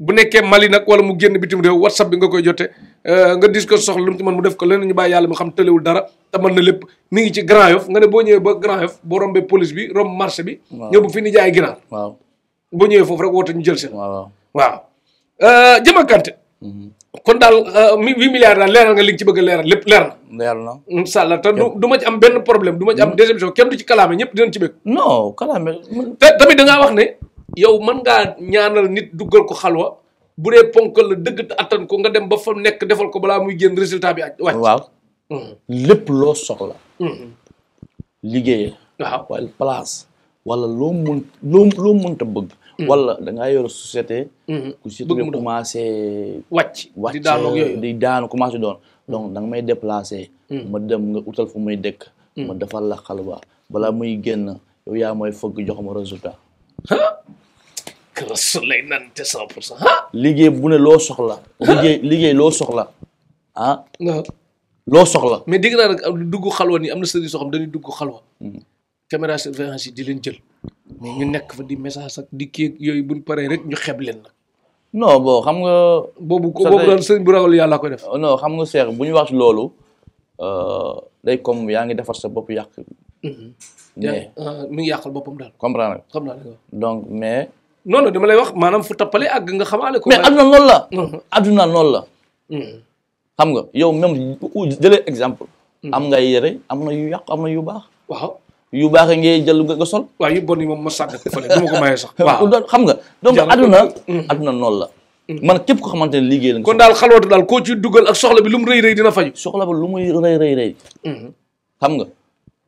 bu nekkee Mali nag wala mu génn bitim réew whatsapp bi nga koy jote euh, nga dis ko soxla lu mu ci mu def ko leneen ñu bàyyi yàlla mu xam tëlewul dara te mën na lépp mi ngi ci Grand Yoff nga ne boo ñëwee ba Grand Yoff boo rombee police bi romb marché bi ñëw bu fi ni jaay ginaar waaw boo ñëwee foofu rek woote ñu jël seen waaw Diama euh, mhm. kon daal euh, huit milliards daal leeral nga li ci bëgg a lépp leer na leer na incha allah te ma am benn problème du ma ci am mhm. déception kenn du ci kalaame ñëpp dinañ ci bëgg non tamit da ngaa wax ne yow mën ngaa ñaanal nit duggal ko xalwa bu dee ponkal la dëgg attan ko nga dem ba fa nekk defal ko balaa muy génn résultat bi wàcc waaw hmm. lépp loo soxla hmm. liggéey waaw wala place wala loo mun loo loo mënta bëgg hmm. wala da ngaa yor société ku si commencé commencé doon donc da may déplacé ma dem nga utal fu muy dëkk ma defal la génn yow yaa mooy fëgg jox ma résultat kër Souleymane te cent pour liggéey bu ne loo soxla liggéey liggéey loo soxla ah loo soxla mais dégg naa nag dugg xalwa nii am na sëriñ soo xam dañuy dugg xalwa hmm. caméra surveillance yi di leen jël mais ñu nekk fa di message ak di kii yooyu buñ paree rek ñu xeb leen nag non boo xam nga boobu boobu doon sëriñ bu ragal yàlla ko def non xam nga seex bu ñu wax loolu Euh, day comme yaa ngi defar sa bopp yàq. Mm-hmm. mais euh, mi ngi yàqal boppam daal. comprendre comprendre donc mais. non non dama lay wax maanaam fu tappale ak nga xamaale ko mais adduna noonu la. adduna mm-hmm. noonu la. Mm-hmm. xam nga yow même jëlee exemple. am ngay yére am na yu am na yu baax. waaw yu baax yi ngay jël nga sol. waaw yu bon yi moom ma sàgg fële xam nga donc adduna. adduna noonu la. Mm. man képp ko xamante ne liggéey la kon daal xalwatu daal koo ci dugal ak soxla bi lu mu rëy rëy dina faju soxla bi lu muy rëy rëy rëy mm-hmm. xam nga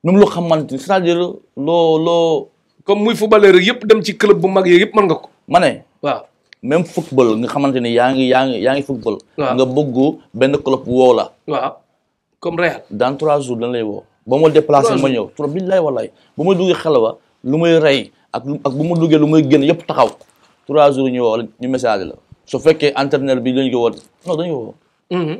num loo xamante ni c'est-à-dire loo loo comme muy footballeur rek yëpp dem ci club bu mag yee yëpp man nga ko ma ne waaw même football nga xamante ne yaa ngi yaa ngi yaa ngi football nga bëgg benn club woo la waaw comme Real dans trois jours dañ lay woo ba ma déplacé ma ñëw trop billaay wallaay ba ma duggee xalwa lu muy rey ak ak bu ma duggee lu muy génn yëpp taxaw trois jours ñu woo la ñu message la su fekkee entraîneur bi dañ ko woote non dañ ko woo. Mhm.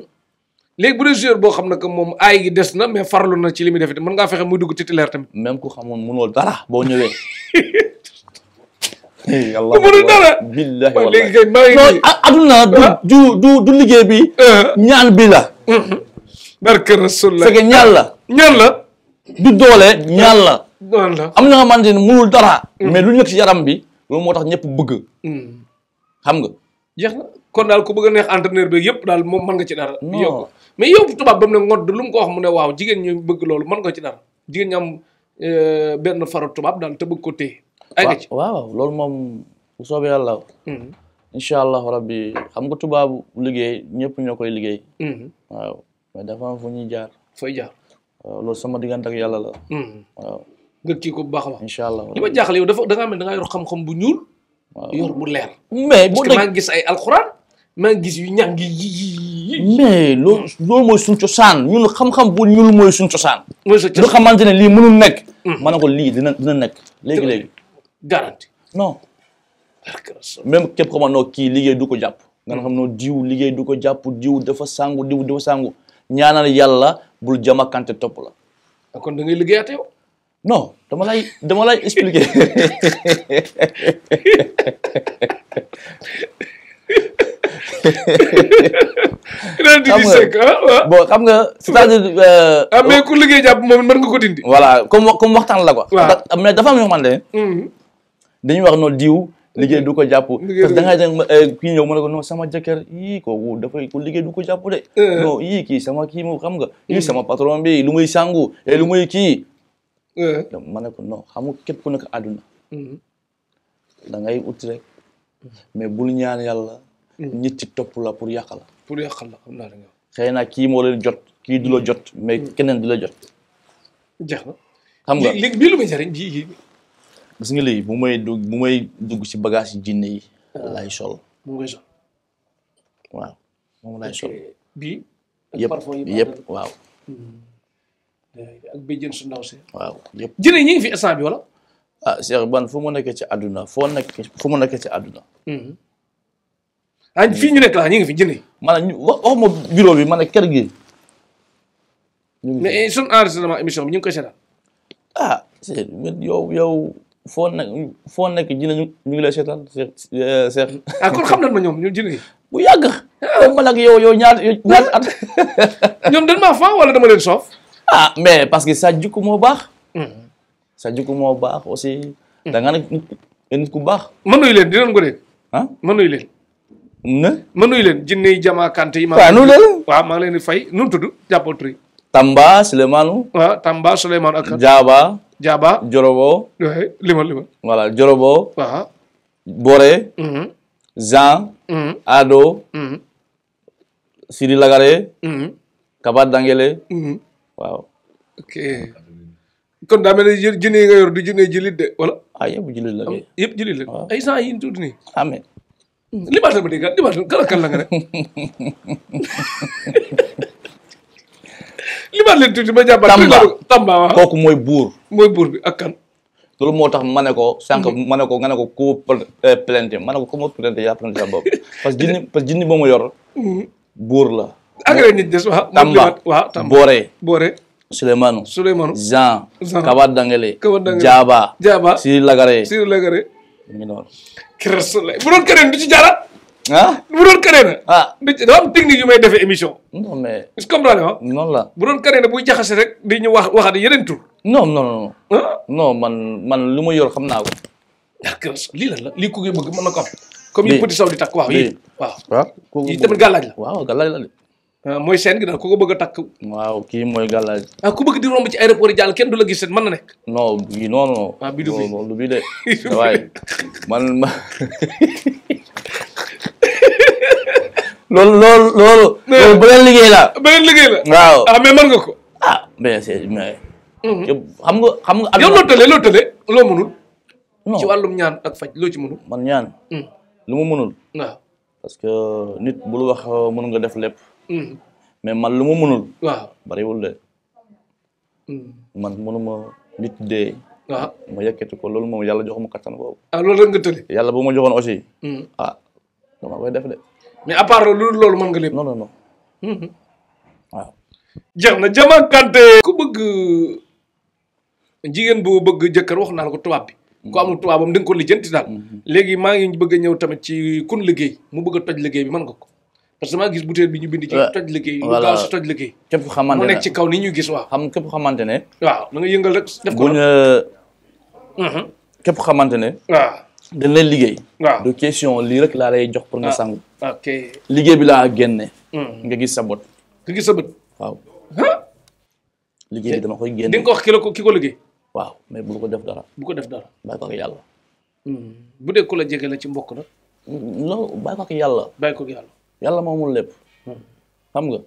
léegi bu dee joueur boo xam ne que moom aay gi des na mais farlu na ci li muy def mën ngaa fexe mu dugg titulaire tamit. même ku xamoon mënoo dara boo ñëwee. Eh, yàlla mënul dara billahi wallahi léegi kay maa ngi. aduna ah. du du du liggéey bi. Eh. ñaan bi la. Mhm. barke rasulullah fekk ñaan la. ñaan la. du doole ñaan la. am na nga xamante ne mënul dara. Mm. mais lu nekk ci yaram bi loolu moo tax ñëpp bëgg. Mm. xam nga. jeex na kon daal ko bëgg a neex entraîneur bi yëpp daal moom mën nga ci dara. yow mais yow tubaab ba mu ne ngodd lu mu ko wax mu ne waaw jigéen ñi bëgg loolu mën nga ci dara jigéen ñi am euh, benn faru tubaab daal te bëgg ko téye. ay nga ci waaw loolu moom bu soobee yàlla. Hmm. incha allahu rabbi xam tubaabu liggéey ñëpp ñoo koy liggéey. Hmm. waaw mais ñuy jaar. fooy jaar. waaw loolu sama diggante ak yàlla la. Hmm. waaw. nga kii ko bu baax a baax. incha allah li ma jaaxle yow dafa da ngaa mel yor xam-xam bu ñuul. yor bu leer. mais boo dee maa ngi gis ay alxuraan maa gis yu ñàng yi. mais loolu loolu mooy suñu cosaan ñun xam-xam bu ñuul mooy suñ cosaan. mooy suñu cosaan lu xamante ne lii mënul nekk. Hmm. ma ne ko lii dina dina nekk léegi léegi. garanti non. même ko ma noo kii liggéey du ko jàpp. nga xam noo diw liggéey du ko jàpp diw dafa sangu diw dafa sangu ñaanal yàlla bul jama kante topp la. non dama lay dama lay expliquer bon xam nga c'est-à-dire. ah mais ku liggéey jàpp moom mën nga ko dindi. voilà comme waxtaan la quoi. waaw dafa am yoo xamante ne. dañuy wax noonu diw. liggéey du ko jàpp parce que da ko eh, non sama jëkkër yii ko dafay ko liggéey du ko jàpp de. Eh. non yii kii sama kii moom nga. yii mm. sama patron bi lu muy sangu eh, lu kii. donc ma ne ko non xam nga képp ku nekk àdduna da ngay ut rek mais bul ñaan yàlla nit ci topp la pour yàq la pour yàq la xam naa nga xëy na kii moo leen jot kii du jot mais keneen du la jot jeex na xam nga léegi ji gis nga léegi bu may dugg bu may si bagage yi jinne yi lay sol waw moom lay sol bii yëpp yëpp ak béjjën su ndaw si. waaw yëpp jëne ñi ngi fi instant bi wala. ah Cheikh Ban foo mu nekk ci àdduna foo nekk fu mu nekk ci àdduna. Mhm. ah fii ñu nekk laa ñu ngi fi jëne. maanaam ñu waxuma bureau bi ma ne kër gi. ñu ngi mais sunu enregistrement émission bi ñu ngi koy seetaan. Ah, yow yow foo nekk foo nekk jëne ñu ngi lay seetaan Cheikh euh, Cheikh. ah kon yàgg. ah ma nag yow ñaar at. ñoom dañ maa faa dama leen soof. ah mais parce que sa jikko moo baax. sa hmm. jikko moo baax aussi. da nga nekk ku baax. ma nuyu leen dinañ ko dégg. ah ma nuyu leen. na leen jinne yi Jama Kante yi. leen waaw maa ngi di fay nu mu tudd jàppal tur Tamba Jaaba. Jorobo. lima eh, lima. voilà Jorobo. waaw. Boré. Hmm. Jean. Hmm. waaw. ok ah, kon daa mel ne jë junne yi nga yor du junne jullit de wala. ah yëpp jullit la kay. yëpp la ay sant yi ñu tudd nii. amee. li ma la ma dégg li la kan la ma leen tuuti ma Tamba Tamba kooku mooy buur. mooy buur bi ak kan. loolu moo tax ma ne ko sànq mhm. ma ne ko nga ne ko ku eh, plainte ma ne ko ku ma plainte yaa plainte sa bopp parce que jinni parce que jinni yor. Mhm. buur la. agré nit des waaw. Tamba waaw Tamba Boore. Boore. Souleymane. Souleymane Jean. Jean Kaba Dangele. Kaba Dangele Jaaba. Jaaba Siri Lagare. Siri Lagare. Kersalay bu doon keneen du ci jaaraat. ah bu doon keneen. Ah. may defee émission. non mais. la bu doon keneen jaxase rek di ñu wax waxaat yeneen tur. non non non. Ah? non man man lu ma yor xam naa ko. ah Kersa lii lan la lii comme yi petit saw takk waaw yii. waaw waaw ah, la. waaw Ah, mooy seen gi daal ko bëgg a takk. waaw kii mooy gàllaaj. ah ku bëgg di romb ci aéroport yi kenn du la gis seen mën na nekk. non bii non loolu loolu loolu. liggéey la. waaw ah mais mën nga ko. ah mais c'est mais. Mhm. xam nga xam nga. yow loo tëlee loo mënul. non ci wàllum ñaan ak faj loo ci mënul. man ñaan. Mm. lu mu mënul. waaw parce que nit bu wax mën nga def lépp. Hmm. mais man lu ma mënul. waaw bariwul de. Hmm. man mënuma nit dee. waaw ma yëkkati ko loolu moom yàlla jox ma kattan boobu. ah loolu rek nga tëli. yàlla bu ma joxoon aussi. Hmm. Ah, def de. mais loolu loolu mën nga lépp. non jeex na Diama Kanté. ku bëgg jigéen bu bëgg jëkkër wax naa la ko tubaab bi. ku amul tubaabam di nga ko lijjanti daal. léegi maa ngi bëgg ñëw tamit ci kun liggéey mu bëgg a toj liggéey bi mën nga ko. parce que damaa gis butéel bi ñu bind ci toj liggéey lu gaaw si toj liggéey képp ku xamante ne mu ci kaw ni ñu gis waaw xam képp xamante ne waaw na nga yëngal rek def ko mhm. xamante ne waaw dañ lay liggéey lii rek laa jox pour ah, liggéey bi laa génne sa hmm. bot sa bët dama koy génne di nga ko la ko ko def ko def dara bàyyi ko ak yàlla hmm. bu dee la jege la ci mbokk la non bàyyi ko ak yàlla yàlla moomul lépp xam nga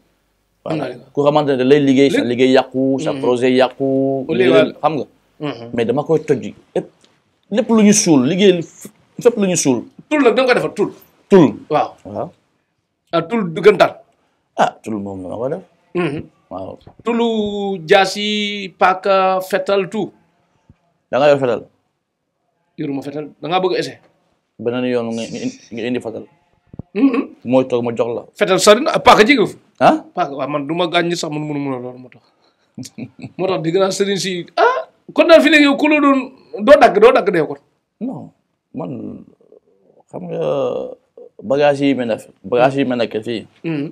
voilà ku xamante ne lay liggéey sa liggéey yàqu sa mm-hmm. projet yàqu xam nga mm-hmm. mais dama koy tojji lépp lu ñu suul liggéey fépp lu ñu suul tul nag da nga ko defar tul tul waaw waaw ah tul du gën daal ah tul moom dama ko def mm-hmm. waaw tulu jaasi paaka fetal tout da nga yor fetal yoruma fetal da ngaa bëgg essayer beneen yoon nga indi fetal Mm-hmm. mooy toog ma jox la. fetal sori na paaka jege fu. ah man du gaañ sax man mënu ma loolu moo tax moo tax di gën a si ah kon daal fi léegi yow ku la doo dagg doo dagg dee kon. non man xam nga bagage yi ma nekk bagage yi ma nekk fii. Mm-hmm.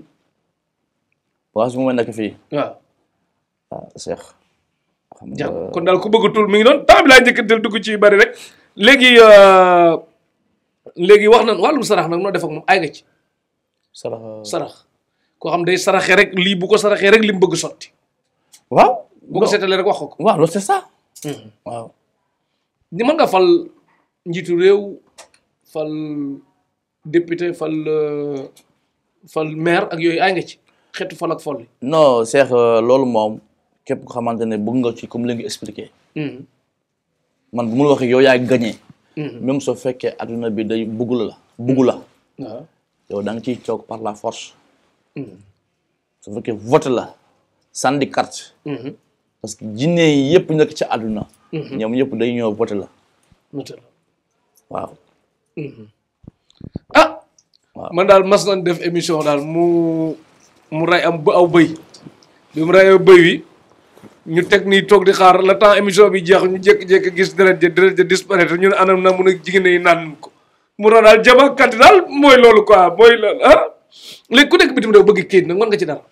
bagage bu ma nekk fii. waaw. Ah, kon daal ku bëgg tul mi ngi doon temps bi laa njëkkantel dugg ci bari rek léegi. Euh, léegi wax nañ wàllum sarax nag noo def ak moom ay nga ci. sarax sarax koo xam day saraxee rek lii bu ko saraxee rek li mu bëgg sotti. waaw boo ko seetalee rek wax ko. waaw loolu c'est ça. Hmm. waaw. ni mën nga fal njiitu réew fal député fal euh, fal maire ak yooyu ay nga ci xeetu fal ak folli. non Cheikh euh, loolu moom képp ko xamante ne bëgg nga ci comme li nga expliqué. Hmm. man bu ma la waxee yow yaay gagné. Mm-hmm. même soo fekkee adduna bi day bugg la bugg la mm-hmm. yow da nga ciy coog par la force mm-hmm. su fekkee vote la sandi carte parce que jinne yi yëpp nekk ci adduna ñoom yëpp day ñëw vote la waaw ah man daal mas nañ def émission daal mu mu ray am ba aw bëy bi mu rey aw bëy wi ñu teg nii toog di xaar le temps émission bi jeex ñu jékki-jékki gis deret ja deret ja ñu ne anam mun a jigéen yi naan ko mu doon daal jama kanti daal mooy loolu quoi mooy loolu ah léegi ku nekk bitim réew bëgg kayit nag mën nga ci dara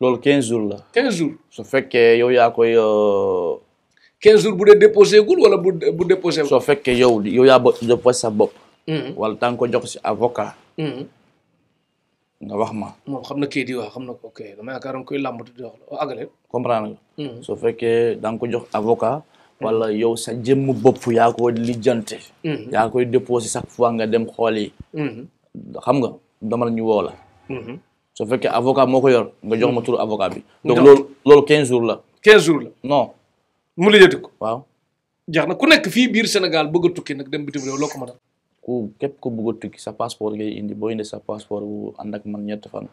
lool quinze jours la quinze jours su fekkee yow yaa koy euh, quinze jours bu dee déposé gul wala bu bu déposé soo fekkee yow yow yaa ba déposé sa bopp mm-hmm. wala tànga ko jox si avocat mm-hmm. nga wax ma. moom xam na kii di wax xam na ko ok dama yaakaaroon koy làmbatu di wax la àggale. comprendre nga. Hmm. su fekkee da jox avocat. wala hmm. yow sa jëmm bopp yaa ko lijjante. Hmm. yaa koy déposé chaque fois nga dem xool yi. xam nga la ñu woo la. su fekkee avocat moo ko yor nga jox ma turu bi. donc la. 15 jours mu lijjati ko waaw. jeex na ku nekk fii biir Sénégal bëgg tukki nag dem bitim réew loo ko mën a. ku képp ku bugg a tukki sa passeport ngay indi boo indi sa passeport bu ànd ak man ñett fan.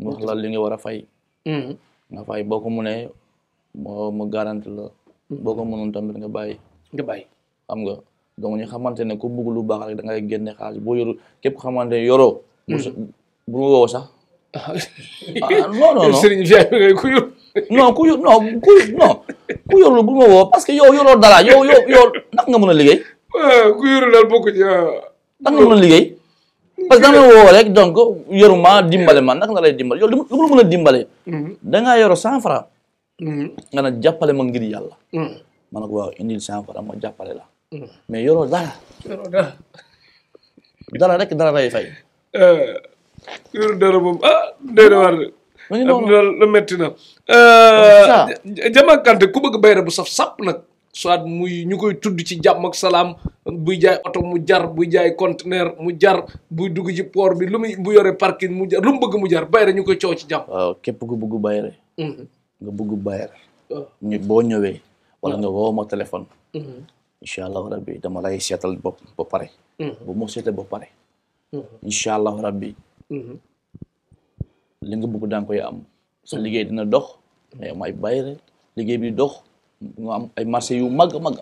mu la li nga war a fay. Mm-hmm. nga fay boo ko mënee moo mu garanti la. Mm-hmm. boo ko mënoon tamit nga bàyyi. a bàyyi xam nga donc ñu xamante ne ku lu baax da ngay génne boo yoru képp ku xamante ne yoroo. bu mm-hmm. woo sax. Ah, yor. yor non nga mën a liggéey. Ah, ku yoru daal bokk ci waaw. mën da nga woo rek donc yoruma dimbale man naka lay dimbale yow lu mu la a dimbale. Mm-hmm. da ngaa yoro cent franc. Mm-hmm. nga na jàppale ma ngir yàlla. Mm. ma ne ko indil cent ma jàppale la. Mm. mais yoroo dara. yoroo dara. dara rek dara lay ah, yoru dara moom ah day na de. ma ñu la metti na. Ah, jama ku bëgg bayra bu saf nag. soit muy ñu koy tudd ci jàmm ak salaam buy jaay oto mu jar bu jaay conteneur mu jar buy dugg ci port bi lu muy bu yore parking mu jar lu mu bëgg mu jar Bayre ñu koy coow ci jàpp waaw képp ku bëgg Bayre. Mhm. nga buggu Bayre. boo ñëwee. wala nga woo ma téléphone. Mhm. incha allahu rabbi dama lay seetal bopp ba pare. Mhm. bu ma seetee ba pare. incha allahu rabbi. li nga bëgg danga koy am. sa liggéey dina dox. mais may Bayre liggéey bi dox. ñu ay marché yu mag a mag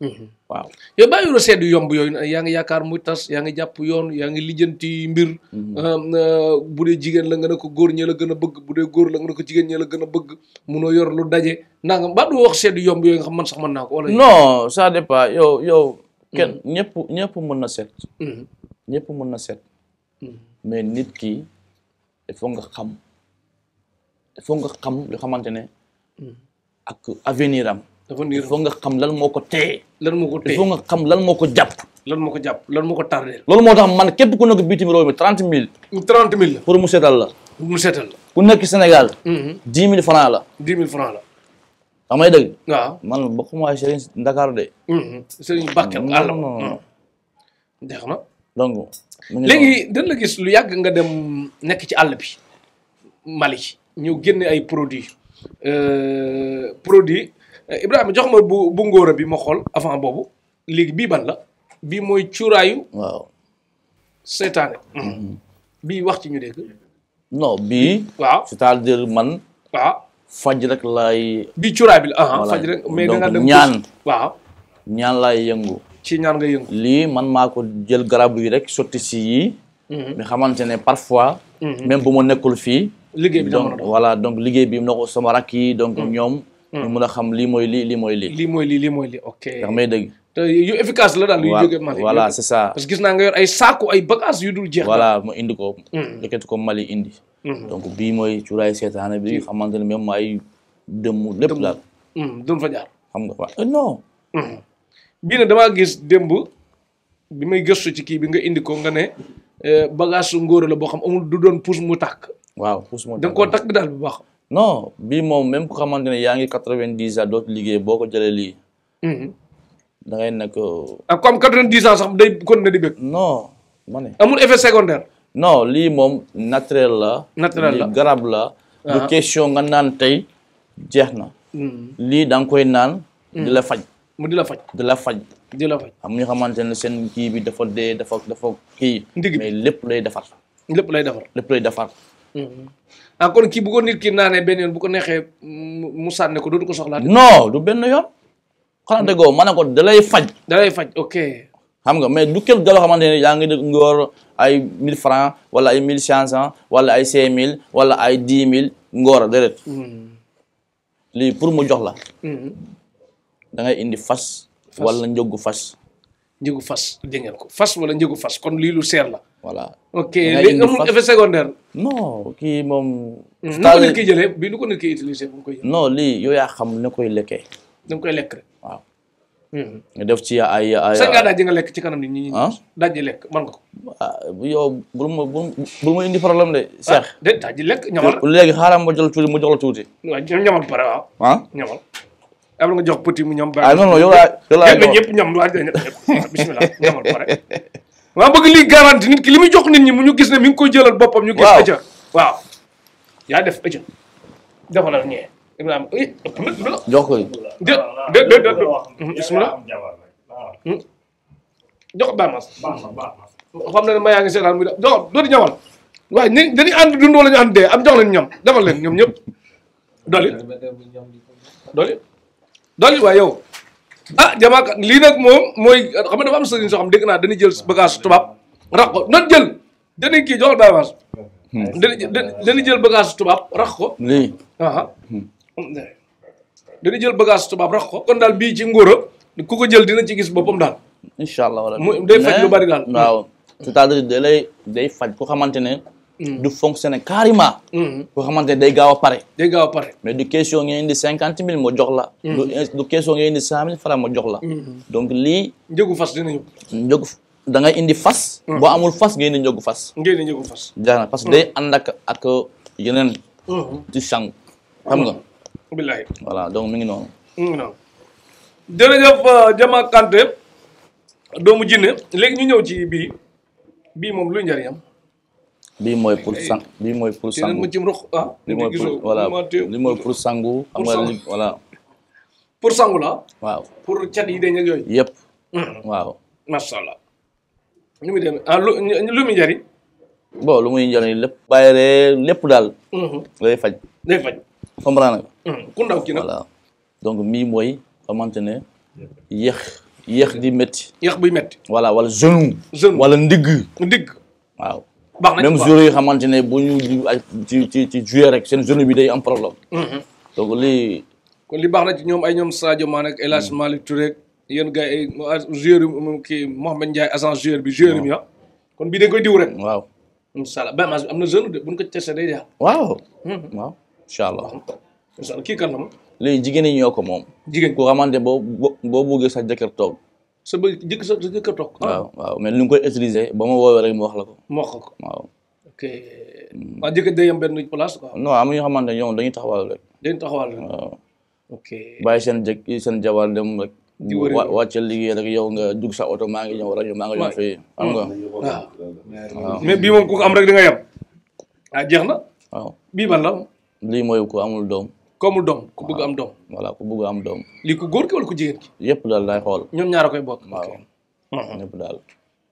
mhm. waaw yow bàyyi la seet yu yomb yooyu yaa ngi yaakaar muy tas yaa ngi jàpp yoon yaa ngi lijjanti mbir. Mhm. bu dee jigéen la nga ne ko góor ñee la gën a bëgg bu dee góor nga ne ko jigéen ñee la gën a bëgg munoo yor lu daje naa nga ba du wax sedd yu yomb yooyu nga xam man sax mën naa ko. wala non ça dépend yow yow. Mhm. kenn ñëpp ñëpp mën na seet. ñëpp mën na seet. mais nit kii il nga xam il nga xam li xamante ne. ak avenir am. avenir foo nga xam lan moo ko téye. lan moo ko téye foo nga xam lan moo ko jàpp. lan moo ko jàpp lan moo ko tardé. loolu moo tax man képp ku nekk bitim réew mi trente mille. la pour mu seetal la. pour mu seetal la. ku nekk Sénégal. Mhm. dix mille franc la. dix mille franc la. xam nga dëgg. waaw man bokkuma Serigne Dakar de. Mhm. Serigne Bakel àll non dex mhm. na donc léegi dañ lu yàgg nga dem nekk ci àll bi Mali ñëw génne ay produits Euh, produit euh, Ibrahima jox ma bu bu ngóora bi ma xool avant boobu léegi bi ban la bii mooy cuuraayu. waaw seetaane. Hmm. Hmm. bii wax ci ñu dégg. non bii. waaw c'est-à-dire man. faj rek laay. bii cuuraay bi la ah faj rek. ñaan ñaan laay yëngu. ci ñaan nga yëngu. lii man maa ko jël garab yi rek sotti si yii. nga hmm. xamante ne parfois. même bu ma nekkul fii. liggéey bi donc voilà donc liggéey bi na ko sama yi donc hmm. ñoom. Hmm. ñu a xam lii mooy lii li mooy lii. mooy lii lii mooy lii ok. ndax may dëgg. efficace la daal yu jógee Mali. voilà c'est ça parce que gis naa nga yor ay saako ay bagages yu dul jeex. voilà ma indi ko. yëkkati hmm. ko Mali indi. bii mooy cuuraay seetaane bi xamante ne même ay dëmm lépp daal. dun fa jaar. xam nga waaw non. bii nag damaa gis démb bi may gëstu ci kii bi nga indi ko nga ne eh, bagage su ngóor la boo xam amul du doon pousse mu tàkk. waaw xuus moo da koo takk daal bu baax. non bii moom même ku xamante ne yaa ngi quatre-vingt-dix ans dootu liggéey boo ko jëlee lii. Mhm. da ngay ah, comme quatre-vingt-dix ans sax day continuer di bëgg. non ma ne. amul effet lii moom naturel la. naturel la la. Ah. question nga naan tey jeex na. Mhm. lii da koy naan. di la mhm. faj. mu di la faj di la faj. di la faj am ñu xamante ne seen kii bi dafa dee dafa dafa kii. ndig mais lépp lay defar. lépp lay defar lépp lay defar. ah kon kii bu ko nit ki naanee benn yoon bu ko neexee mu sànni ko dootu ko soxlaat. non du benn yoon. xanaa déggoo ma ne ko dalay faj. dalay faj ok. xam nga mais du kel galoo xamante ne yaa ngi de ngóor ay mille francs wala ay mille cent wala ay 5000 wala ay 10000 ngóor déedéet. Hmm. lii pour mu jox la. Hmm. da indi fas. wala njëgu fas. njëgu fas jëngeen ko fas wala njegu fas kon lii lu seer la. voilà. ok léegi amul effet secondaire. non kii moom. saa yu nu ko nit ki bi nu ko nit ki utilisé fu koy. non lii yow yaa xam na koy lekkee. na koy lekk rek. Mm-hmm. def ci ay ay. sax nga lekk ci kanam nit ñi. Ah? daaj di lekk man ko. ah ma bul ma indi problème de. Ah, Cheikh de daaj di lekk ñamal. léegi xaaral ma jël tuuti ma jox la tuuti. waaw ñamal pare waaw. ah ñamal. am jox petit mu ñam. ah non non pare. waaw bëgg lii garanti nit ki li muy jox nit ñi mu ñu gis ne mi ngi koy jëlal boppam. ñu gis ëcc. waaw yaa def ëcc defalal ñee. Ibrahima eh, ëpp na la. jox ko de de de de bismillah hmm. jox ko Bamas. xam ne ma yaa ngi seetaan muy da jox doo di ñawal. waaye ni dañuy ànd dundoo la ñu ànd dee am jox leen ñam defal leen ñoom ñëpp. doli ah jamaaka lii nag moom mooy xam nga dafa am sëriñ soo xam dégg naa dañuy jël bagage tubaab rax ko jël dañuy kii joxal baay jël bagage tubaab rax ko lii jël bagage tubaab rax ko kon daal bii ci ngóora ku ko jël dina ci gis boppam daal incha allah day faj lu day faj ku xamante ne Mm. du fonctionner carrément. Mm. Mm. boo xamante ne day gaaw a pare. day gaaw a indi cinquante mille moo jox la. du eh, du question ngeen indi cent mille franc ma jox la. donc lii. njëgu fas dinañu. njëgu da indi fas. boo amul fas ngeen indi njëgu fas. ngeen indi njëgu fas. parce que day ànd ak ak yeneen. ci sangu xam nga. billahi voilà donc mi ngi noonu. mi ngi noonu jërëjëf euh, doomu jinne léegi ñu ñëw ci bii bii moom luy njëriñam. bii mooy pour sangu mu li mooy pour voilà li mooy pour sangu xam pour sangu la waaw pour yi dañ ak yooyu yëpp mm-hmm. waaw macha allah lu muy ah, njëriñ bon lu muy njëriñ lépp bàyyi ree lépp daal mm-hmm. day faj day faj comprendre nga mm-hmm. ku ndaw donc mii mooy xamante ne yéex yéex di métti yéex bi métti voilà wala genou wala ndigg ndigg waaw baax na même joueurs yi xamante ne bu ñu ci ci ci joué rek seen journée bi day am problème. Mm-hmm. donc kon li baax na ci ñoom ay ñoom Sadio Mané ak El Hadj Malick Touré yéen gars yi ah, joueur yi kii Mouhamed Ndiaye agent joueur bi joueur ah. kon bii dañ koy diw rek. waaw incha allah benn am na jeune de bu ko testé day jeex. waaw. Mm-hmm. waaw allah. incha allah kii moom. léegi jigéen ñi ñoo ko moom. jigéen ku xamante boo boo bëggee sa jëkkër toog. sa bëgg jëkk sa sa jëkk a toog. waaw waaw mais ni nga koy utiliser ba ma woowee rek ma wax la ko. ma wax ko waaw. ok waa jëkk day am benn place quoi. am na xamante ne ñoom dañuy taxawal rek. dañuy taxawal rek seen jëkk seen jabar dem rek. di wàcce liggéey rek yow nga jug sa oto maa ngi ñëw rajo maa ngi ñëw fii xam hmm. waaw mais bii moom ku am rek da nga yem. Ah, na. waaw bii la. lii mooy ku amul doom. ku amul doom ku bëgg am doom. voilà ku bëgg am doom. lii ku góor ki wala ku jigéen ki. yëpp daal lay xool. ñoom ñaar a koy bokk. waaw ñëpp daal.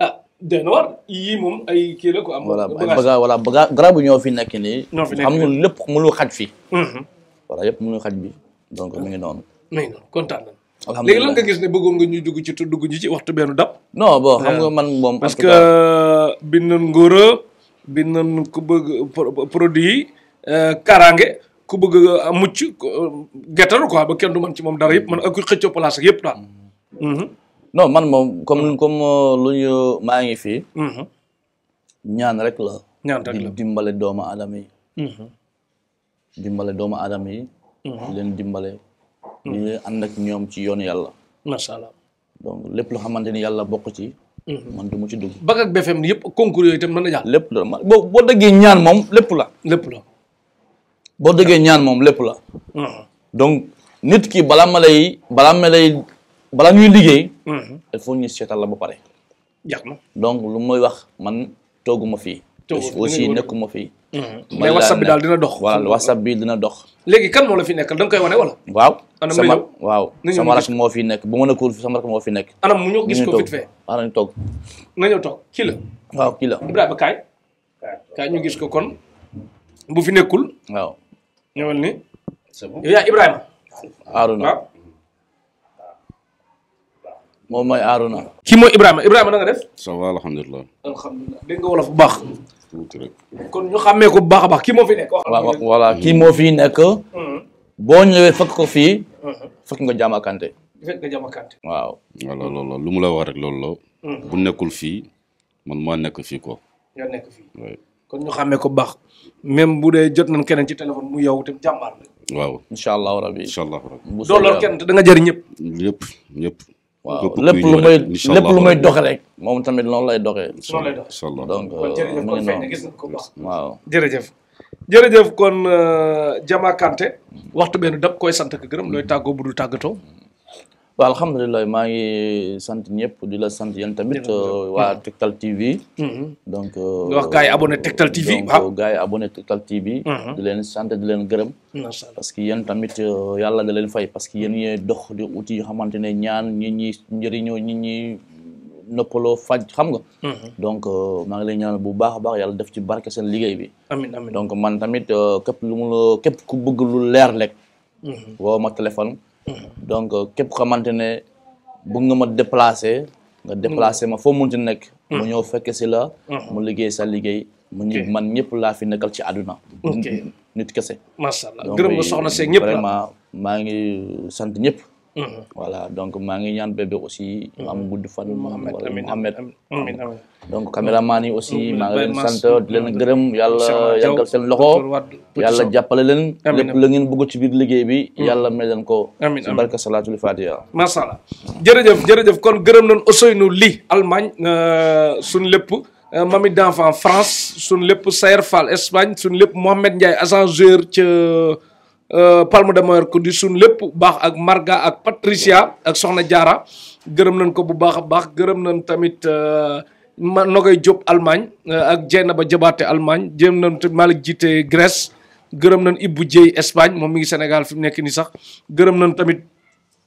ah den war yii moom ay kii la ko am. voilà ay baga voilà baga garabu ñoo fi nekk nii. ñoo fi nekk nii amul lépp mënul xaj fi. Mm-hmm. voilà yëpp mënul xaj bi donc mi ngi noonu. mi ngi noonu kontaan na. alhamdulilah léegi lan nga gis ne bëggoon nga ñu ci waxtu benn dab. non bon xam ah. nga man moom. parce que euh, bind nañ ngóora ku bëgg produit euh, kaaraange ku bëgg a mucc euh, gettalu quoi ba kenn du man ci moom dara yëpp man ak ku xëccoo place ak yëpp daal. Mm-hmm. Mm-hmm. non man moom comme comme euh, lu ñu maa ngi fii. Mm-hmm. ñaan rek la. ñaan rek la dimbale doomu aadama yi. dimbale doomu aadama yi. leen dimbale. di ànd ak ñoom ci yoon yàlla. macha allah donc lépp lu xamante ni yàlla bokk ci. man du mu ci dugg. Bagak BFM yëpp concours yooyu itam mën a jàll. lépp la man boo boo déggee ñaan moom lépp la. lépp la. boo dëggee ñaan moom lépp la. nit ki balaa ma lay balaa ma lay balaa ñuy liggéey. il faut ñu seetal la ba pare. jax na donc lu mooy wax man tooguma fii. aussi nekkuma fii. mais whatsapp bi daal dina dox. voilà whatsapp bi dina dox. léegi kan moo la fi nekk da koy wane wala. waaw sama waaw sama rakk moo fi nekk bu ma nekkul sama rakk moo fi nekk. anam mu ñëw gis ko vite fait waaw nañu toog. nañu toog kii la. waaw kii kaay. kaay ñu gis ko kon bu fi nekkul waaw. ñëwal ni. c'est yaa Ibrahima. Aruna moom mooy Aruna. kii mooy Ibrahima Ibrahima na nga def. ça bu baax. kon ñu xàmmee ko bu baax a baax kii moo fi nekk. waaw kii moo fi nekk. Mm-hmm. boo ñëwee fekk ko fii. Mm-hmm. fekk nga Diama Kanté. fekk waaw. lu mu la wax loolu la. Mm-hmm. bu nekkul fii man maa nekk fii ko kon ñu xàmmee ko baax même bu dee jot nañ keneen ci téléphone mu yow tam jàmbaar la. waaw incha allahu rabi incha allahu bu dooloon kenn te da nga jëriñ ñëpp. ñëpp ñëpp. waaw lépp lu may lépp lu may doxe rek moom tamit noonu lay doxee. noonu lay doxee donc. kon jërëjëf euh, kon gis nañ ko baax. waaw jërëjëf. jërëjëf kon Diama euh, Kanté waxtu benn dab koy sant ak gërëm looy tàggoo bu dul tàggatoo. waaw alhamdulilah maa ngi sant ñëpp di la sant yéen tamit waa hmm. Tektal TV. Hmm. donc nga wax gars yi abonné Tektal TV. waaw donc gars yi abonné Tektal TV. Hmm. di leen sant di leen gërëm. parce que yéen tamit euh, yàlla da leen fay parce que yéen ñee dox di uti yoo xamante ne ñaan ñi ñi njëriñoo ñi ñi noppaloo faj xam nga. donc euh, maa ngi lay ñaanal bu baax a baax yàlla def ci barke seen liggéey bi. amiin amiin donc man tamit euh, képp lu mu la képp ku bëgg lu leer lekk. woo téléphone. donc euh, képp xamante ne bëgg nga ma déplacer nga déplacer ma foo munti nekk mu ñëw fekk si la mm-hmm. mu liggéey sa liggéey mu ñu man ñëpp laa fi nekkal ci àdduna nit kese macha allah gërëm soxna euh, seeg ñëpp vraiment maa ngi sant ñëpp Mm-hmm. voilà donc maa ngi ñaan bébé aussi. mu mm-hmm. am gudd fan. Mohamed Mohamed amiin amiin donc caméraman yi aussi mm-hmm. maa ngi leen sant gërëm yàlla yàggal seen loxo. yàlla jàppale leen. lépp la ngeen bëgg liggéey bi. yàlla may leen ko. amiin amiin barka salaatul fatiha. macha allah jërëjëf jërëjëf kon gërëm nañ Ousseynou Ly Allemagne euh, suñ lépp. Euh, mami d'enfant France suñ lépp Sayer Fall Espagne suñ lépp Mohamed Ndiaye agent joueur Euh, Palme de Mallorca di suñ lépp baax ak Marga ak Patricia ak Soxna Jaara gërëm nañ ko bu baax a baax gërëm nañ tamit euh, ma Nogay Diop Allemagne euh, ak ba Jabaate Allemagne jëm nañ tamit Malick Jiite Grèce gërëm nañ Ibou Dieye Espagne moom mi ngi Sénégal fi mu nekk nii sax gërëm nañ tamit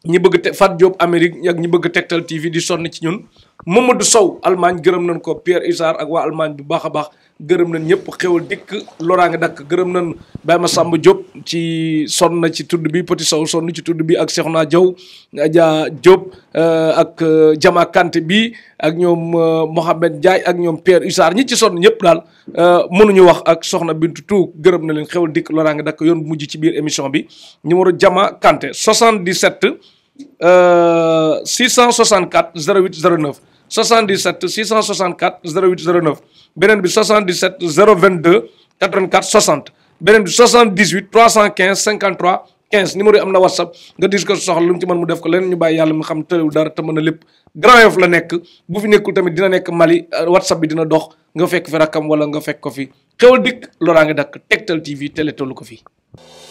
ñi bëgg te Fat Diop Amérique ak ñi bëgg Tektal TV di sonn ci ñun Mamadou Sow Allemagne gërëm nañ ko Pierre Isar ak waa Allemagne bu baax a baax gërëm na ñëpp xewal dikk loraange dakk gërëm na nañ ma Massamba Diop ci sonn na ci tudd bi Petit Sow sonn ci tudd bi ak Cheikhna Diaw Adja Diop euh, ak euh, Jama Kanté bi ak ñoom euh, Mohamed Ndiaye ak ñoom Pierre Hussard ñi ci sonn ñëpp daal mënuñu wax ak soxna Bintu Tou gërëm na leen xewal dikk loraange dakk yoon bu mujj ci biir émission bi numéro Jama Kanté 77 664 08 09 77 664 08 09 beneen bi 77 022 84 60 beneen bi 78 315 53 15 numéro yi am na whatsapp nga dis ko soxla lu mu ci mën mu def ko leen ñu bàyyi yàlla mu xam tëlewul dara te mën na lépp Grand Yoff la nekk bu fi nekkul tamit dina nekk Mali euh, whatsapp bi dina dox nga fekk fi rakkam wala nga fekk ko fi xewal dikk loraa nga dakk Tektal TV télé tollu ko fi